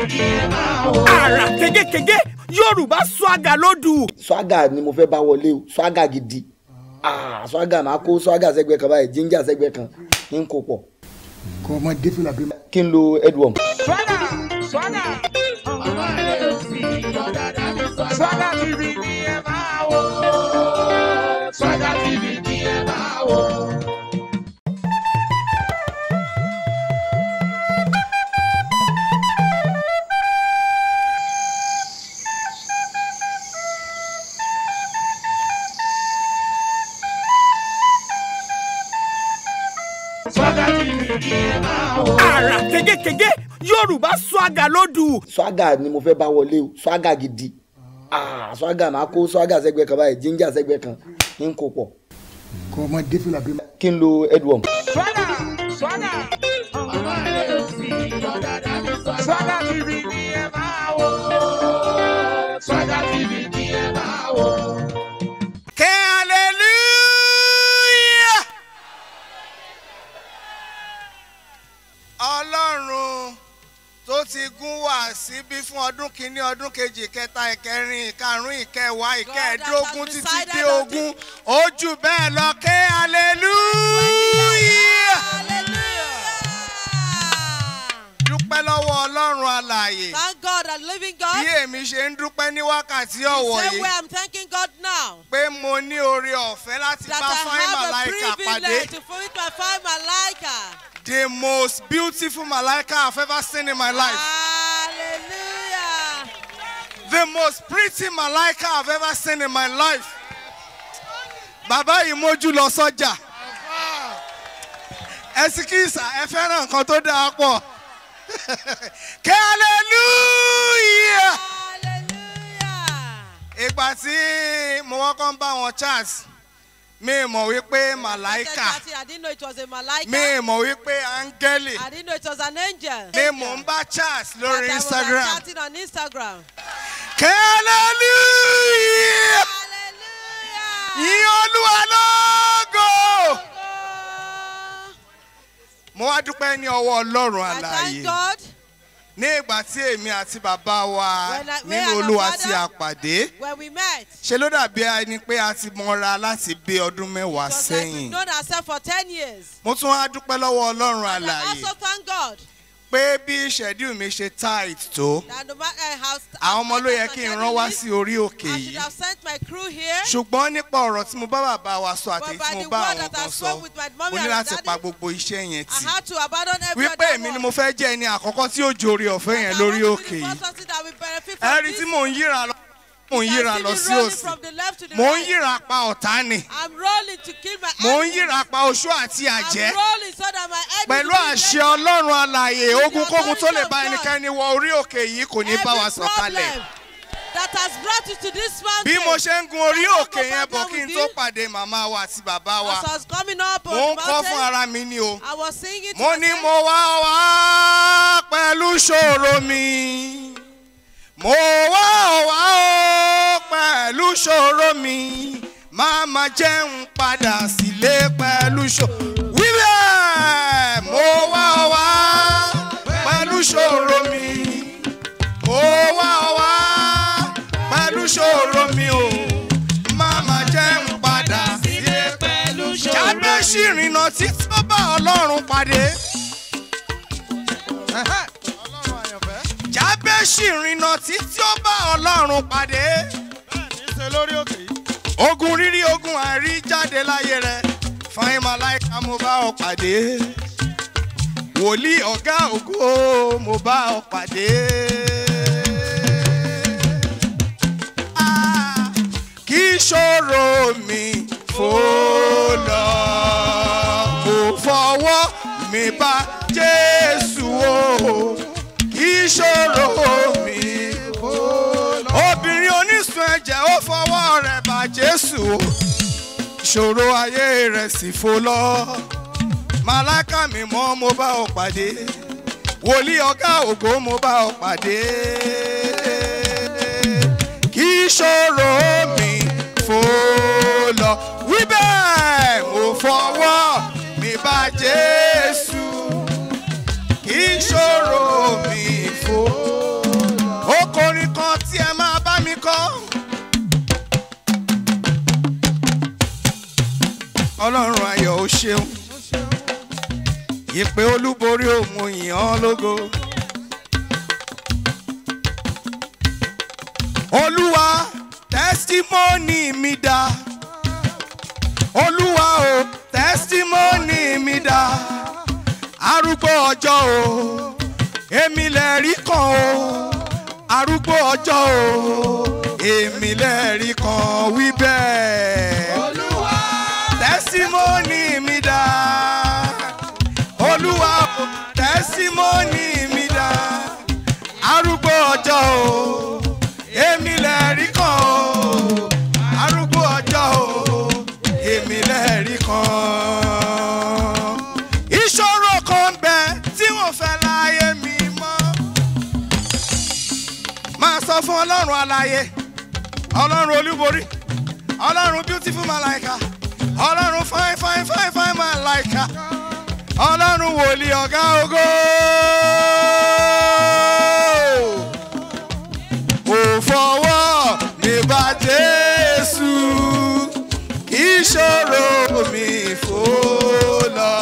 àrà kégékégé yorùbá swaga lodu. swaga ni mo fẹ́ bá wọlé swaga gidi ah, swaga máa kó swaga sẹ́gbẹ́ kan báyìí ginger sẹ́gbẹ́ kan kí n pọ̀. kò mọ défi kí n lo swaga swaga swaga. tv ni ẹ máa swaga tv ni ẹ ara kégékégé yorùbá swaga lódù. swaga ni mo fẹ́ bá wọlé o swaga gidi ah, swaga máa kó swaga sẹ́gbẹ́ kan báyìí ginger sẹ́gbẹ́ kan kí n kó pọ̀. kò mọ défìlà bí. kí n lo edwom. swaga swaga. ó ti gún wá síbí fún ọdún kìíní ọdún kejì ìkẹta ìkẹrin ìkarùn ìkẹwàá ìkẹẹ̀dógún títí dé ogún ó jù bẹ́ẹ̀ lọ ké hallelujah dúpẹ́ lọ́wọ́ Ọlọ́run alààyè. Thank God a living God. Bí èmi ṣe ń dúpẹ́ ní wákàtí ọ̀wọ̀ yìí. The same way I'm thanking God now. Pé mo ní oore ọ̀fẹ́ láti bá fine malaika pàdé. That I have a privilege to meet my fine malaika. The most beautiful malaika I've ever seen in my life. Hallelujah. The most pretty malaika I've ever seen in my life. Bàbá yìí mójú lọ sọ́jà. Ẹ sì kí ìsà ẹ fẹ́ràn nǹkan tó dáa pọ̀. hallelujah ìgbà tí mo kọ́kọ́ ń bá wọn chat mi mọ̀ wípé màláìkà mi mọ̀ wípé áńgẹ́lì mi mọ̀ ń bá chat lórí Instagram hallelujah yìí olúwa lọ́ọ́. mo wá dúpẹ́ ní ọwọ́ ọlọ́run àlàyé ní ìgbà tí èmi àti bàbá wa nínú olúwa tí a pàdé ṣe ló dàbí ẹni pé a ti mọra láti bí ọdún mẹ́wàá sẹ́yìn mo tún wá dúpẹ́ lọ́wọ́ ọlọ́run àlàyé pé bí schedule mi ṣe tight tó àwọn ọmọ ló yẹ kí n rán wá sí orí òkè yìí ṣùgbọ́n nípa ọ̀rọ̀ tí mo bá bàbá wa sọ àti tí mo bá àwọn kan sọ mo ní láti pa gbogbo iṣẹ́ yẹn tì wípé èmi ni mo fẹ́ jẹ́ ẹni àkọ́kọ́ tí ó jòrè ọ̀fẹ́ yẹn lórí òkè yìí ẹ̀rí tí mò ń yíra lọ mò ń yíra lọ sí òsì mò ń yíra pa ọ̀tá ni mò ń yíra pa oṣó àti àjẹ́ pẹ̀lú àṣẹ ọlọ́run alààyè ogunkógun tó lè bá ẹnikẹ́ni wọ orí òkè yìí kò ní bá wa sọ̀kalẹ̀. That has brought you to this mountain. Bí mo ṣe ń gun orí òkè yẹn bọ̀ kí n tó pàdé màmá wa àti bàbá wa. As I was coming up on the mountain. Mo ń kọ́ fún ara mi ni o. I was singing to myself. Mo ní mo wá wá pẹ̀lú ṣòro mi mo wá wá o pẹ̀lú ṣòro mi máa ma jẹun padà sílé pẹ̀lú ṣòro wíwẹ̀ mo wá wá pẹ̀lú ṣòro mi mo wá wá pẹ̀lú ṣòro mi o máa ma jẹun padà sílé pẹ̀lú ṣòro mi. jábẹ́ sí ìrìnà tí tó bá ọlọ́run pàdé ayé sì rìnà títí ó bá ọlọ́run pàdé. bẹ́ẹ̀ni ṣe lórí òkè ogun rírí ogun àrí jáde láyé rẹ fine malaika mo bá ọ pàdé wòlíì ọ̀gá ògo mo bá ọ pàdé. Ah, kí ṣòro mi fò lọ kò fọwọ́ mi bá Jésù o oníṣòro mi obìnrin onísun ẹ̀jẹ̀ ó fọwọ́ rẹ̀ bà Jésù ìṣòro ayé rẹ̀ sì fò lọ màláka mi mọ́ mo bá ọ pàdé wòlíì ọ̀gá ògo mo bá ọ pàdé kí ìṣòro mi fò lọ wíbẹ̀ mo fọwọ́ mi bà Jésù ìṣòro mi fò. ó kọrin kan tí ẹ máa bá mi kọ. ọlọ́run ayọ̀ ó ṣeun ìpè olúborí òun yìn ọ́ lógo. olúwa tẹ́sítímọ́nì mi dá olúwa o tẹ́sítímọ́nì mi dá arúgbó ọjọ́ o èmi lè rí kan o arúgbó ọjọ́ o èmi lè rí kan wí bẹ́ẹ̀. olúwa tẹ́símọ́nì mi dá olúwa tẹ́símọ́nì mi dá arúgbó ọjọ́ o èmi ọlọ́run alaye ọlọ́run olúborí ọlọ́run beautiful malaika ọlọ́run fine fine fine fine malaika ọlọ́run wòlíì ọ̀gá ògo. òfọwọ́ mi jésù ìṣòro mi fò lọ.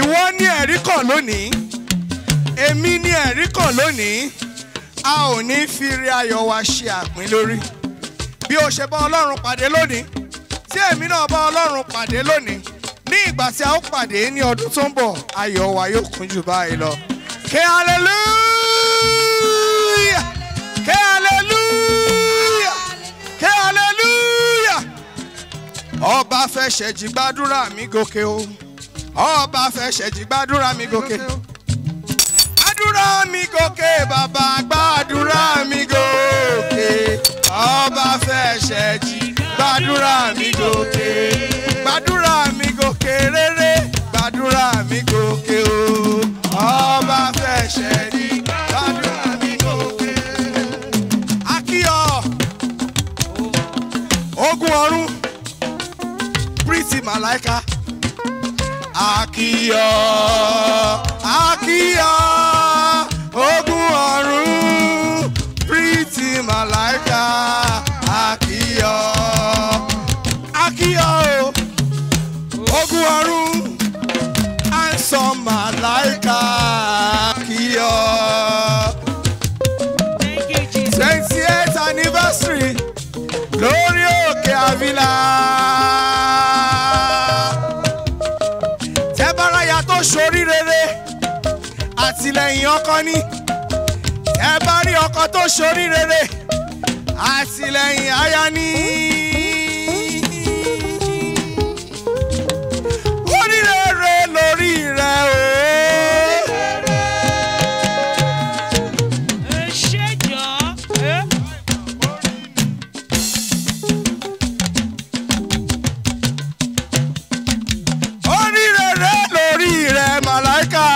ìwọ ní ẹ̀rí kan lónìí èmi ní ẹ̀rí kan lónìí. a ò ní fi ayọ̀ wa ṣe àpín lórí bí o ṣe bá ọlọ́run pàdé lónìí tí èmi náà bá ọlọ́run pàdé lónìí ní ìgbà tí a ó pàdé ní ọdún tó ń bọ̀ ayọ̀ wa yóò kún jù báyìí lọ kí hallelujah kí hallelujah kí hallelujah ọba fẹ́ ṣẹ̀jì gbàdúrà mi gòkè o ọba fẹ́ ṣẹ̀jì gbàdúrà mi gòkè o mi gòkè bàbá gbàdúrà mi gòkè ọba fẹ́ ṣẹ́ jí gbàdúrà mi gòkè gbàdúrà mi gòkè rere gbàdúrà mi gòkè o ọba mi ṣẹ́ jí. ogun ọ̀run pretty malaika akiyọ akiyọ ogun ọ̀run pírítì màláìka àkíyọ. àkíyọ o ogun ọ̀run àìsàn màláìka àkíyọ. twenty eight anniversary lórí òkè àfilà. tẹ́bárayà tó ṣorí rere àtìlẹ́yìn ọkọ ni ẹ bá rí ọkọ tó ṣorí rere àtìlẹ́yìn aya ni. oríire lórí rẹ o. ṣé jọ. oríire lórí rẹ màláìka.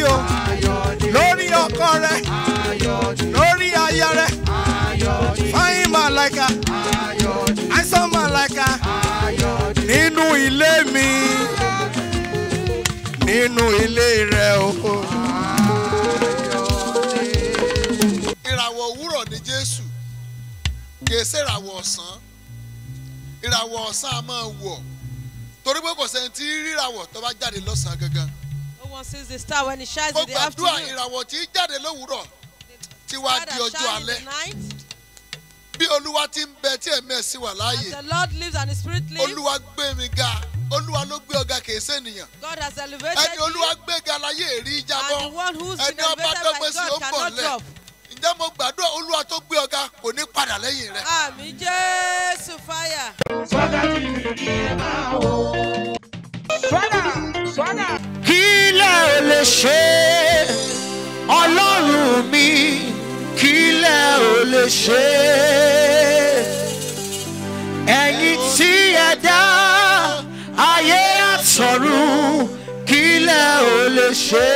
yìí o lórí ọkọ rẹ lórí aya rẹ fine man like her handsome man like her nínú ilé mi nínú ilé rẹ o. ìràwọ̀ òwúrọ̀ ni Jésù kì í ṣèràwọ̀ ọ̀sán ìràwọ̀ ọ̀sán a máa wọ̀ torí pé kò sẹ́ni tí ríràwọ̀ tó bá jáde lọ́sàn-án gangan one sees the star when it shines in the afternoon. mo gbàdúrà ìràwọ̀ tí jáde lówùúrọ̀ bí olúwa ti ń bẹ tí ẹ̀mí ẹ̀ wà láàyè. as the lord lives and his spirit lives. olúwa gbé mi ga olúwa ló gbé ọ̀gá kìí ṣe ènìyàn. God has elevated you. ẹni olúwa gbé ga láyé èrí ìjábọ̀. and the one who is elevated by God cannot drop. ǹjẹ́ mo gbàdúrà olúwa tó gbé ọ̀gá kò ní padà lẹ́yìn rẹ̀. àmì jésù fáyà. sọ́dọ̀ tí mi kì máa wò. brother kí lẹ ò lè ṣe ọlọ́run mi kí lẹ ò lè ṣe ẹ̀yin tí ẹ dá ayé àtọ̀run kí lẹ ò lè ṣe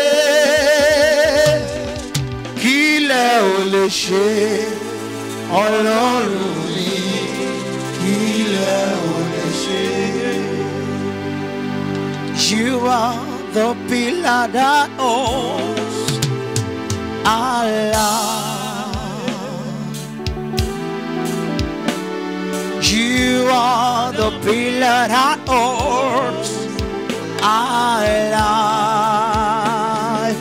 kí lẹ ò lè ṣe ọlọ́run mi kí lẹ ò You are the pillar that holds our love. You are the pillar that holds our life.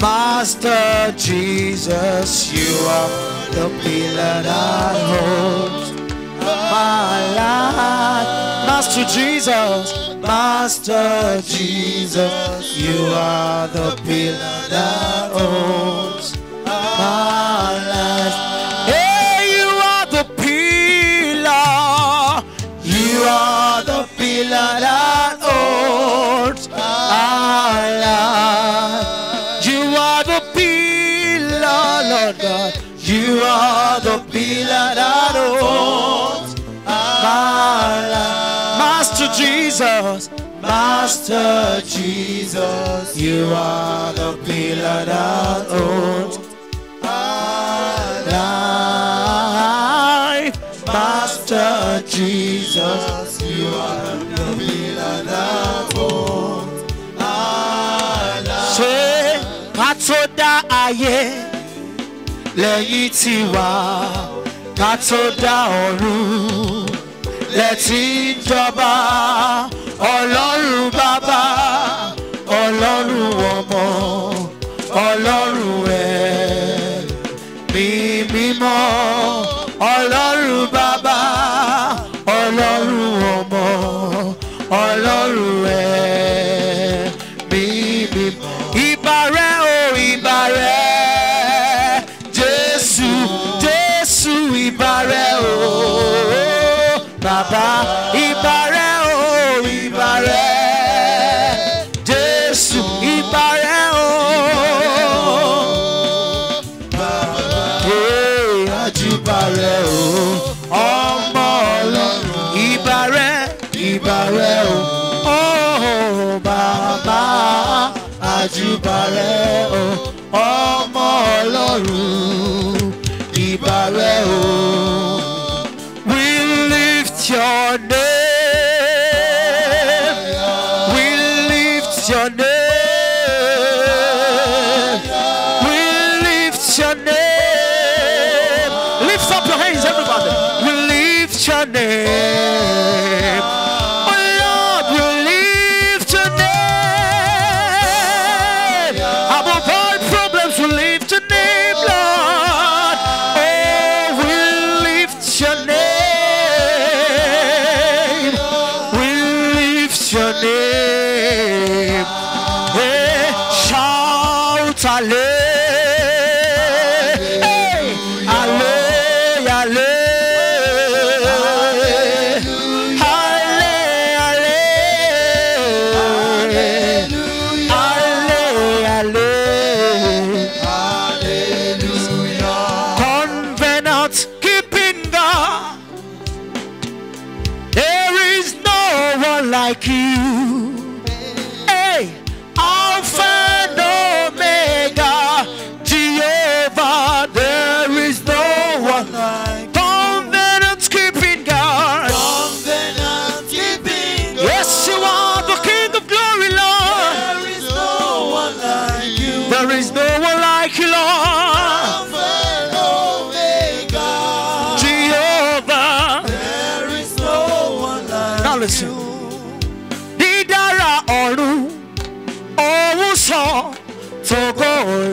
Master Jesus, you are the pillar that holds my life. Master Jesus. Master Jesus, you are the pillar that holds our life. Hey, you are the pillar. You are the pillar that holds our life. You are the pillar, Lord God. You are the pillar that holds our life. Jesus, Master Jesus, you are the pillar that owns my life. Master Jesus, you are the pillar that holds. my life. Say, Katoda aye, lẹ́yìn tiwa, Katoda oru. lẹ́tí ń jọba ọlọ́run bàbá ọlọ́run ọmọ ọlọ́run ẹ̀mí mímọ́ ọlọ́run bàbá. bàbá ìbà rẹ o ìbà rẹ Jésù ìbà rẹ o. Ìbà rẹ o, ọmọ Ọlọ́run. Ìbà rẹ, ìbà o, ó oh, bàbá àjùbà o, ọmọ Ọlọ́run. your name.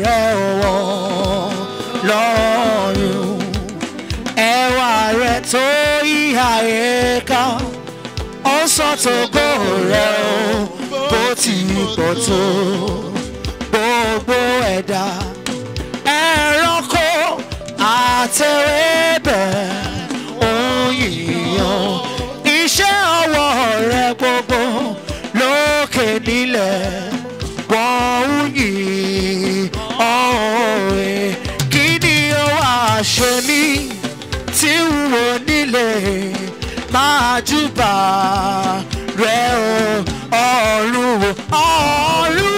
rẹ̀ wọ̀ lọ́rùn ẹwà rẹ̀ tó ìhà ẹ̀ka ó sọ tó kó rẹ̀ o bó ti pọ̀ tó gbogbo ẹ̀dá ẹranko àtẹwébẹ̀ òyìnbó iṣẹ́ ọwọ́ rẹ̀ gbogbo lókè nílẹ̀. àjùbà rẹ o ọ̀run o ọ̀run.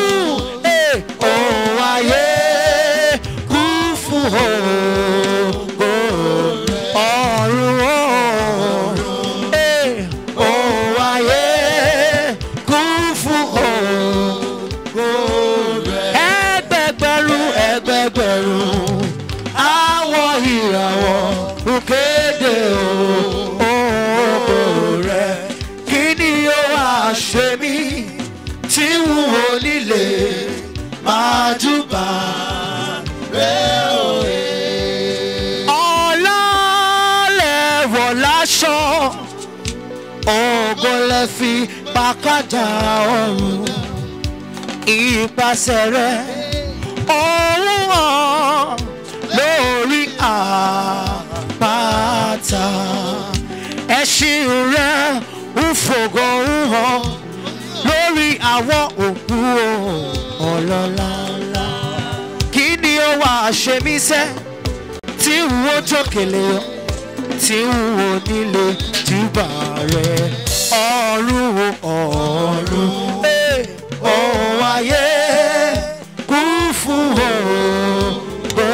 lè fi pàkádà ọ̀run ìpàṣẹ rẹ ọ̀hún hàn lórí àpáta ẹṣin rẹ ń fògo ń hàn lórí àwọn òkú ọlọ́lá ńlá kí ni ó wà ṣe mí sẹ́ tí n ó jókèlè tí n ò nílé júbà rẹ ọ̀run ọ̀run ohun ayé kú fún ògo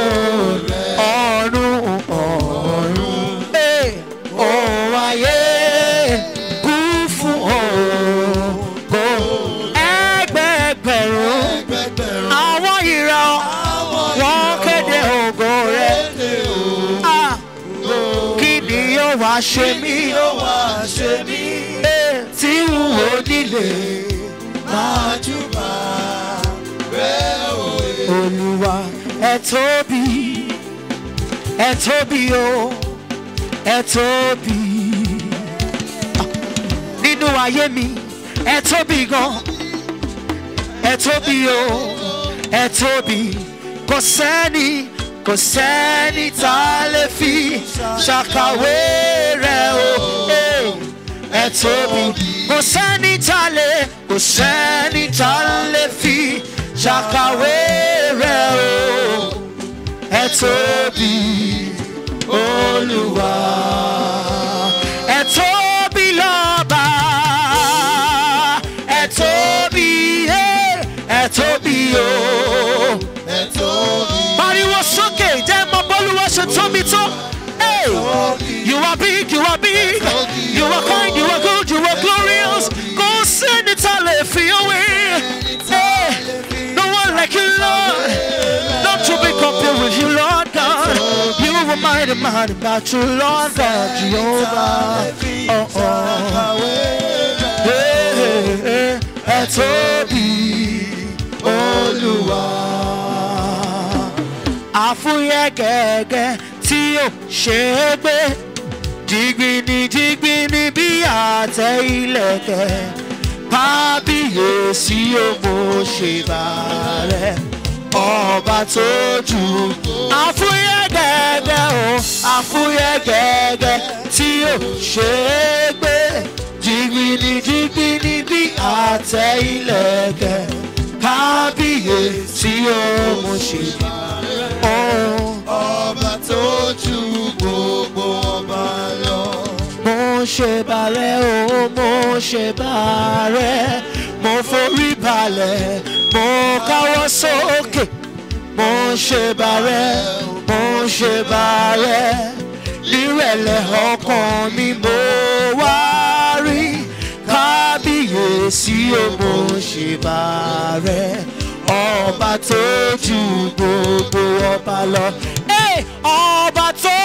ọ̀run ọ̀run ohun ayé kú fún ògo ẹgbẹgbẹ̀rún àwọn ìran wọn kéde ògo rẹ kí ni yóò wá ṣe mí onílé máa júbà rẹ̀ òye. Olúwa ẹ tóbi ẹ tóbi o ẹ tóbi nínú ayé mi ẹ tóbi gan ẹ tóbi o ẹ tóbi kò sẹ́ni kò sẹ́ni tá a lè fi ṣàkàwé rẹ̀ o ẹ tóbi kò sẹ́ni tá lè kò sẹ́ni tá lè fi ṣàkàwé rẹ̀ o ẹ tóbi olúwa ẹ tóbi lọ́ba ẹ tóbi ẹ tóbi o ẹ tóbi. pariwo sókè jẹ́ mọ bọ́lúwọ́ ṣe tóbi You are big, you are big. made mighty mind about you, Lord oh, God, Jehovah. Oh, oh. Hey, hey, hey. Ẹ tóbi, Olúwa. Àfúyẹ́ gẹ́gẹ́ tí ó ṣe é gbé. Jìgbìnì jìgbìnì bí àtẹ ìlẹ̀kẹ̀. Kábíyèsí ó mo ṣe bàárẹ̀ ọba tó jù àfúyẹ́ gẹ́gẹ́ o àfúyẹ́ gẹ́gẹ́ tí ò ṣe é gbé jìgbìnì jìgbìnì bí àtẹ ìlẹ̀kẹ̀ kábíyèsí ó mú ṣe ọba tó jù gbogbo ọba lọ. mo ṣe balẹ̀ o mo ṣe bàárẹ̀ mo forí balẹ̀ mo káwọ́ sókè mo ń ṣe bàrẹ́ mo ń ṣe bàrẹ́ nírẹ̀lẹ̀ ọkàn mi mo wá rí kábíyèsí o mo ṣe bàrẹ́ ọba tó ju gbogbo ọba lọ ọba tó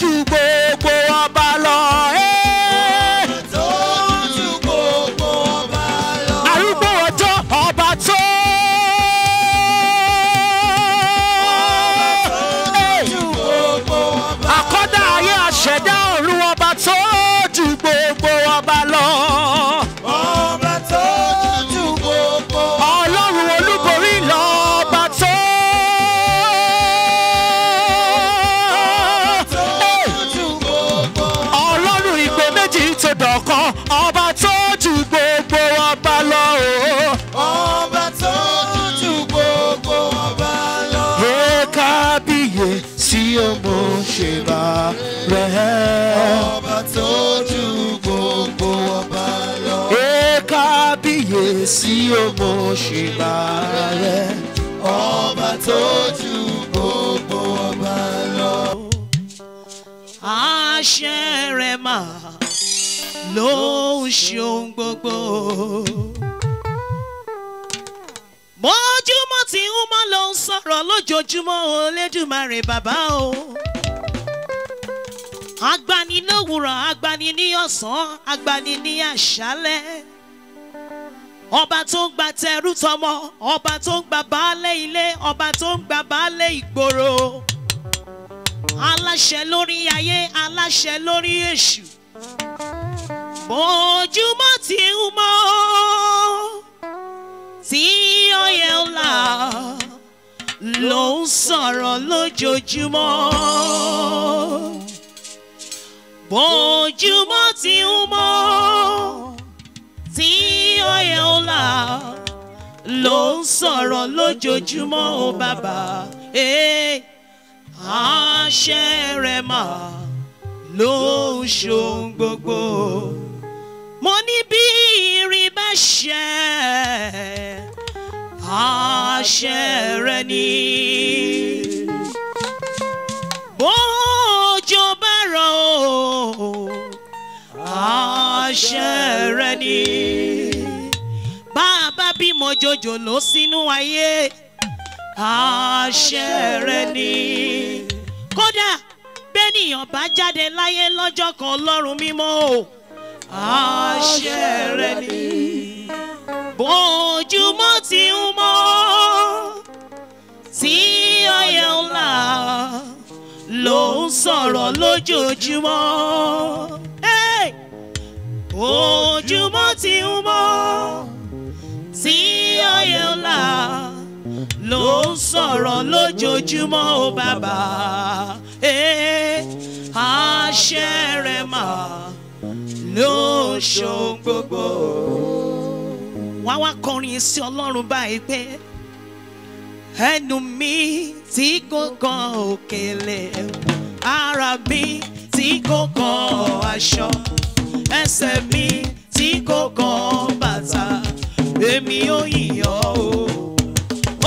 ju gbogbo ọba lọ. Hey! sí ọmọ ṣèbà rẹ ọba tó ju gbogbo ọba lọ. àṣẹ rẹ̀ mà ló ń ṣe ohun gbogbo. mọ́júmọ́ tí ń mọ́ ló ń sọ̀rọ̀ lójoojúmọ́ Olódùmarè bàbá o. agbani lówùrọ̀ agbani ní ọ̀sán agbani ní àṣálẹ́ ọba tó ń gba tẹrú tọmọ ọba tó ń gba baálé ilé ọba tó ń gba baálé ìgboro aláṣẹ lórí ayé aláṣẹ lórí èṣù bójúmọ́ tí ń mọ́ tí ọyẹ ń ló ń sọ̀rọ̀ lójoojúmọ́ bójúmọ́ tí ń mọ́ ló ń sọ̀rọ̀ lójoojúmọ́ o bàbá eh, àṣẹ rẹ̀ mà ló ń ṣohun gbogbo mo ní bí irin bá ṣẹ àṣẹ rẹ̀ ni bójò bá rọ̀ o àṣẹ rẹ̀ ni bímọ jòjòló sínú ayé àṣẹ rẹ ni. kódà bẹ́nìyàn bá jáde láyé lọ́jọ́ kan ọlọ́run mímọ́ o àṣẹ rẹ ni. bójúmọ́ ti ń mọ́ tí ọyẹ ńlá ló ń sọ̀rọ̀ lójoojúmọ́. Hey! ojúmọ́ ti ń mọ́ tí òye ọ̀la ló ń sọ̀rọ̀ lójoojúmọ́ ó bàbá àṣẹ rẹ̀ mà ló ń ṣohun gbogbo. wá wá kọrin sí ọlọ́run báyìí pé ẹnu mi tí kò kan òkèlè ara mi tí kò kan aṣọ ẹsẹ̀ mi tí kò bàtà èmi ò yìn ọ́ o.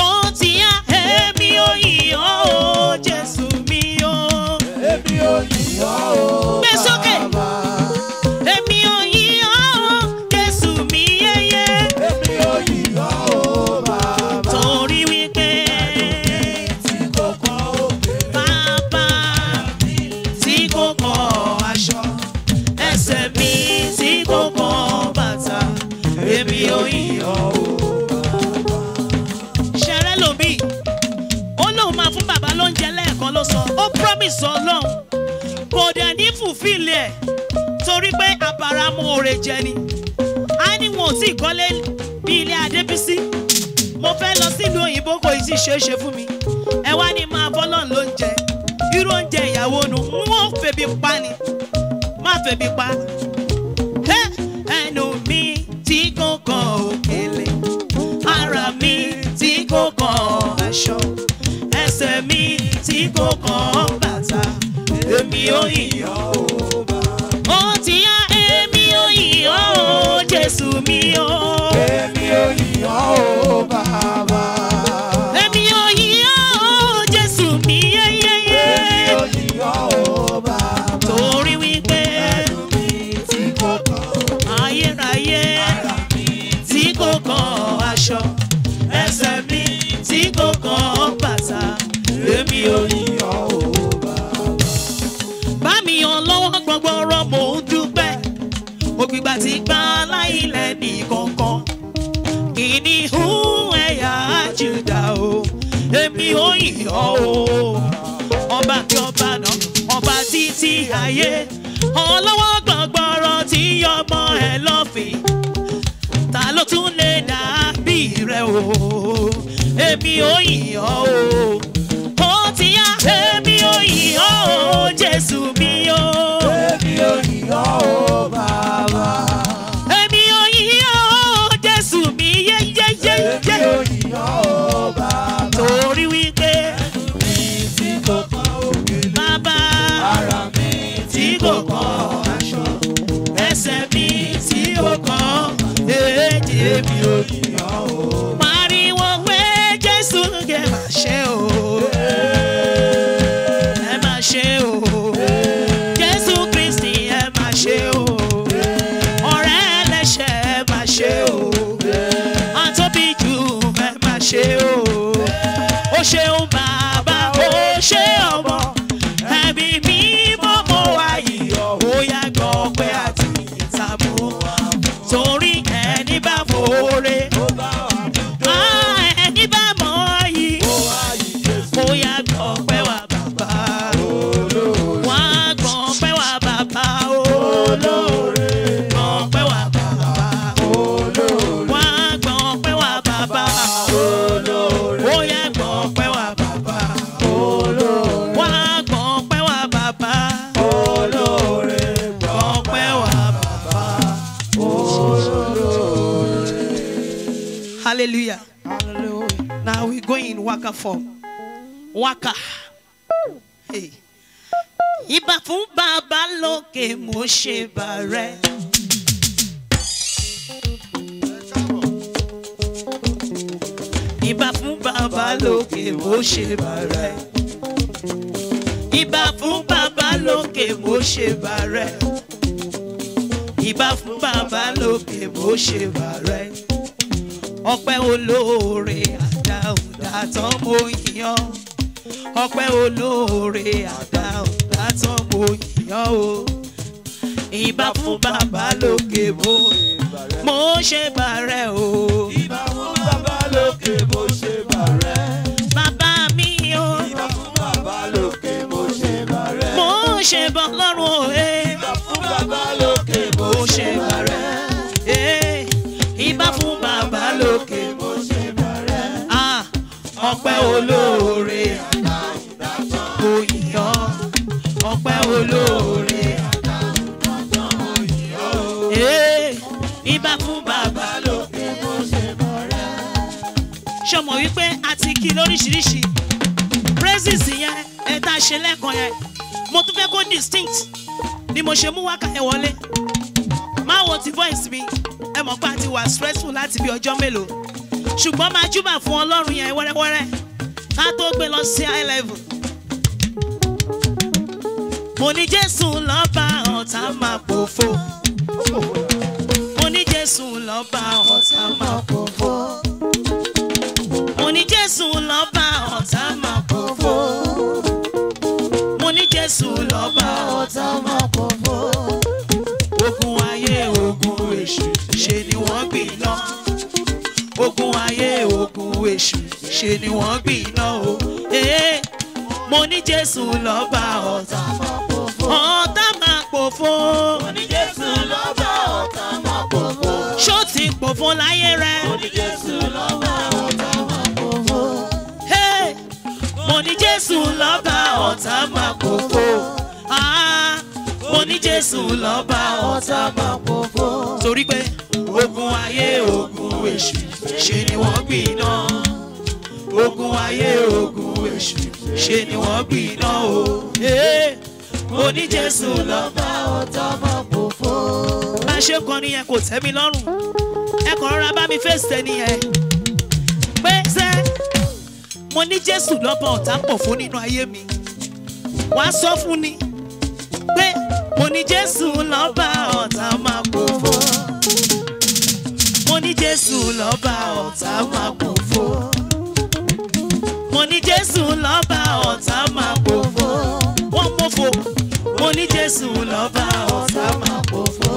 ó ti yá èmi ò yìn ọ́ o Jésù mi bàbá. máa fún bàbá lóúnjẹ lẹ́ẹ̀kan ló sọ ó promise ọlọ́run kò dẹ̀ ní fulfill ẹ̀ torí pé àbàràmù òrè jẹ ni a ní wọn ò tí ì kọ́lé bí ilé adébísí mo fẹ́ lọ sílùú òyìnbó kò ì tí ṣeéṣe fún mi ẹ wá ní máa bọ́lọ̀ lóúnjẹ irú oúnjẹ ìyàwó nu wọn ò fèbí pa ni má fèbí pa ẹnu mi tí kò òkèlè ara mi tí kò aṣọ ẹsẹ̀ mi tí kò kàn bàtà èmi ò yíyọ o bá. ó ti yá èmi ò yíyọ o Jésù mi o. èmi ò yíyọ o bàbá. èmi ò yíyọ o Jésù mi yẹ́yẹ́yẹ́. èmi ò yíyọ o bàbá. torí wípé tí kò kàn ayérayé tí kò kàn aṣọ ẹsẹ̀ mi tí kò kàn. tipátipá láìlẹ̀ ní kankan kìíní hún ẹ̀yà Júdà o èmi ò yìn ọ́ o ọba tí ọba náà ọba títí ayé ọlọ́wọ́ gbọ̀ngbọ̀rọ̀ tí ọmọ ẹ̀ lọ́fìn ta ló tún lè dàbí rẹ̀ o èmi ò yìn ọ́ o ó ti yá èmi ò yìn ọ́ o Jésù mi o èmi ò yìn ọ́ o. ni ó yìnyàn o. pariwo pé Jésù kẹ́ máa ṣe o. ṣe bàrẹ́. ìbà fún bàbá lókè mo ṣe bàrẹ́. ìbà fún bàbá lókè mo ṣe bàrẹ́. ìbà fún bàbá lókè mo ṣe bàrẹ́. ọpẹ́ olóò. ṣe mú wákà ẹ wọlé máa wo ti voice mi ẹ mọ̀ pé a ti wà stressful láti bí ọjọ́ mélòó ṣùgbọ́n máa júbà fún ọlọ́run yẹn wẹ́rẹ́wẹ́rẹ́ ká tó gbé lọ sí high level. mo ní jésù lọ́ba ọ̀tá máa pòfo mo ní jésù lọ́ba ọ̀tá máa pòfo mo ní jésù lọ́ba. èṣù ṣe ni wọ́n gbìn náà ogun ayé ogun èṣù ṣe ni wọ́n gbìn náà o. Eh, mo ní jésù lọ́ba ọ̀tá ọ̀tá máa pòfo. mo ní jésù lọ́ba ọ̀tá máa pòfo. ṣó ti pòfo láyé rẹ. mo ní jésù lọ́ba ọ̀tá máa pòfo. mo ní jésù lọ́ba ọ̀tá máa pòfo. Ah, mo ní jésù lọ́ba ọ̀tá máa pòfo torí pé ogun ayé ogun èṣù ṣe ni wọ́n gbìn náà ogun ayé ogun èṣù ṣe ni wọ́n gbìn náà o. mo ní Jésù lọ bá ọ̀tọ̀ mọ̀ pòfo. bá a ṣe kọrin yẹn kò tẹ́ mi lọ́rùn ẹ kàn rọra bá mi fèsì tẹ́ nìyẹn pé sẹ́ mo ní Jésù lọ bá ọ̀tá pòfo nínú ayé mi wàá sọ fún ni pé mo ní Jésù lọ́ba ọ̀tá máa kú fó mo ní Jésù lọ́ba ọ̀tá máa kú fó mo ní Jésù lọ́ba ọ̀tá máa kú fó wọ́n mọ̀ fó mo ní Jésù lọ́ba ọ̀tá máa kú fó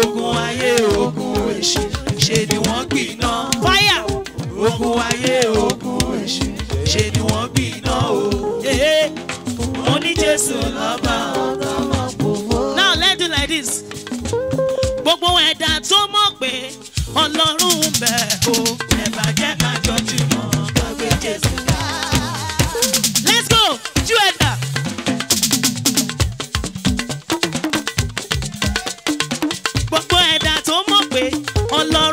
ogun ayé ogun èṣù ṣe ni wọ́n gbiná fáyà ogun ayé ogun èṣù ṣe ni wọ́n gbiná o. Jésù lọ́ba ọ̀dọ́mọkòfó. Now let's do like this. Gbogbo ẹ̀dá tó mọ̀ pé Ọlọ́run ń bẹ o. Ẹ bàjẹ́ máa jọjú mọ́ gbàgbé Jésù lọ. Let's go, ju ẹ̀dá. Gbogbo ẹ̀dá tó mọ̀ pé Ọlọ́run.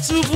to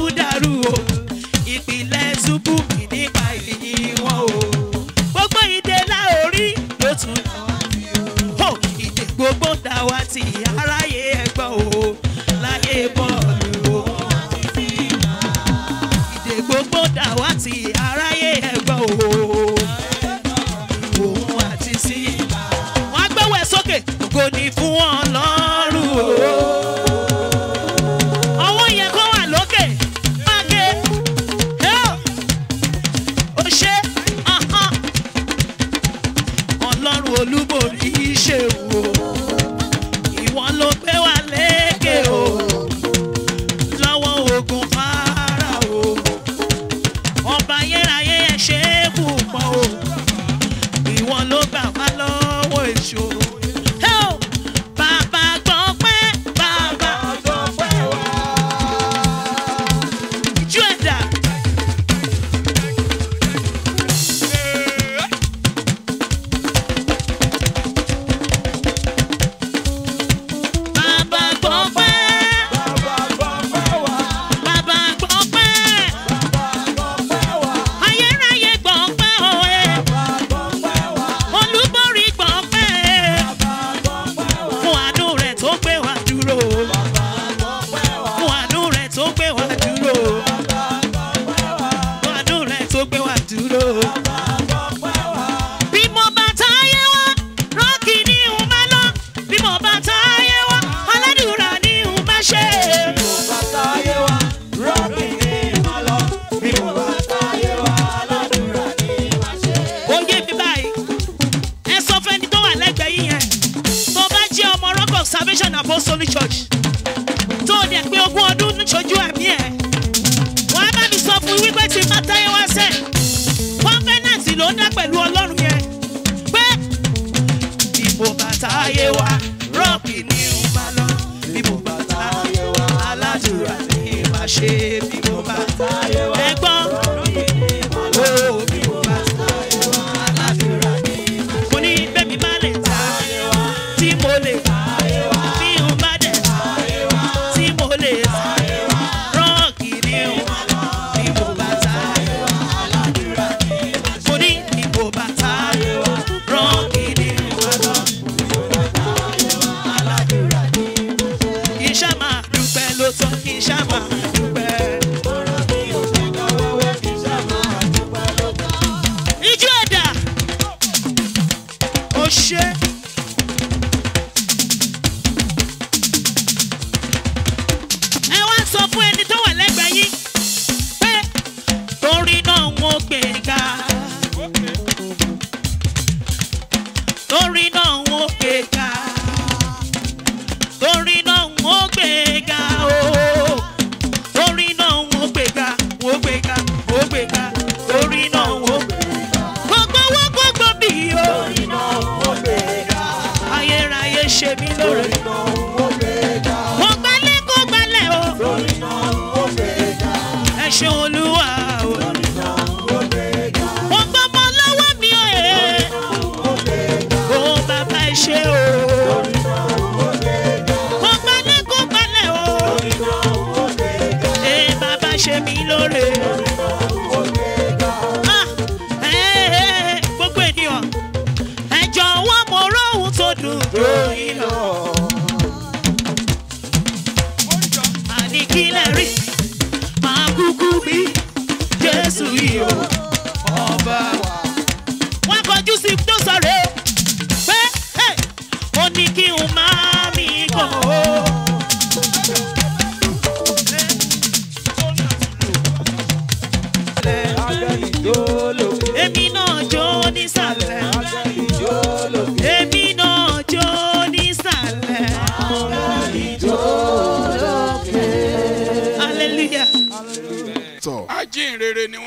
Yeah.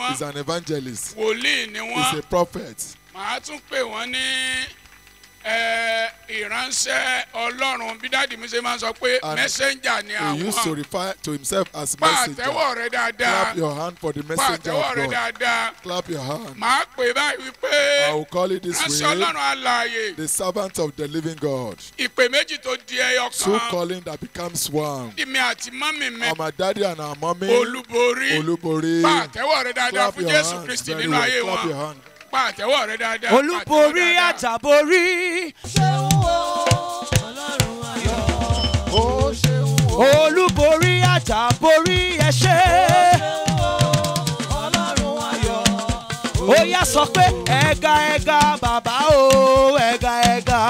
wọ́n. he is an evangelist. wòlíì ni wọ́n. he is a prophet. màá tún pè wọ́n ní ìránṣẹ́ ọlọ́run bí dáàdì mi ṣe máa ń sọ pé messenger ni àwọn. he used to refer to himself as messenger. pàtẹ́wọ́ rẹ dáadáa. clap your hand for the messenger of God. pàtẹ́wọ́ rẹ dáadáa. clap your hand. màá pè báyìí wípé. I will call it this way. ránṣẹ́ ọlọ́run alààyè. the servant of the living God. ìpè méjì tó di ẹyọ kan. two calling that becomes one. ìmì àti mọ́mì mi. our daddy and our mommy. olúborí. olúborí. pàtẹ́wọ́ rẹ dáadáa fún Jésù Kristi nínú ayé wọn. clap your hand very well clap your hand pa àtẹ́wọ́ rẹ dáadáa. olúborí àtàborí. ṣeun o ọlọ́run ayọ̀. ó o. olúborí àtàborí ẹ ó yá sọ pé ẹ̀ga ẹ̀ga bàbá o ẹ̀ga ẹ̀ga.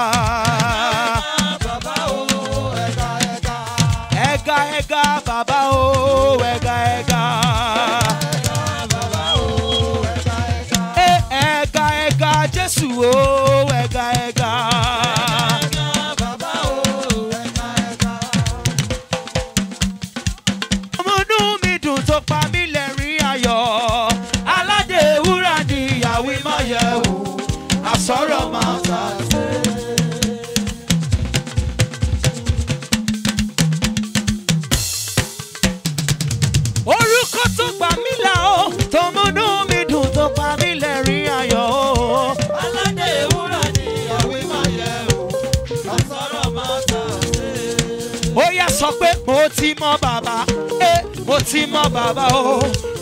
sọ pé mo ti mọ bàbá ẹ mo ti mọ bàbá o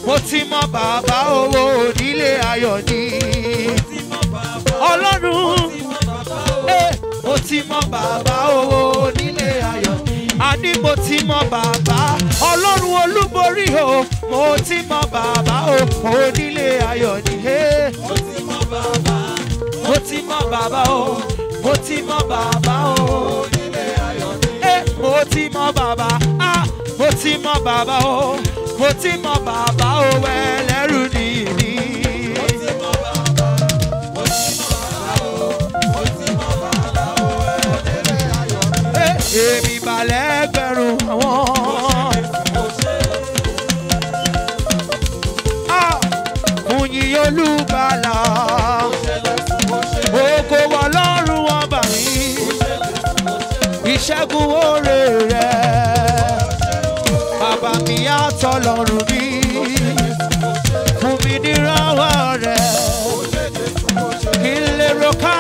mo ti mọ bàbá owó onílé ayọ̀ ni ọlọ́run ẹ mo ti mọ bàbá owó onílé ayọ̀ ni àní mo ti mọ bàbá ọlọ́run olúborí o mo ti mọ bàbá o onílé ayọ̀ ni ẹ mo ti mọ bàbá mo ti mọ bàbá o mo ti mọ bàbá o mo ti mọ bàbá ah mo ti mọ bàbá o mo ti mọ bàbá o ẹlẹ́rù nìyí. èmi balẹ̀ ẹgbẹ̀rún àwọn. Muyin ah, Olúbalà. ṣẹ́gun oore rẹ̀ bàbá mi àtọ̀ lọ́rùn mi fún mi ní rọ́wọ́ rẹ̀ kí n lè ro ká.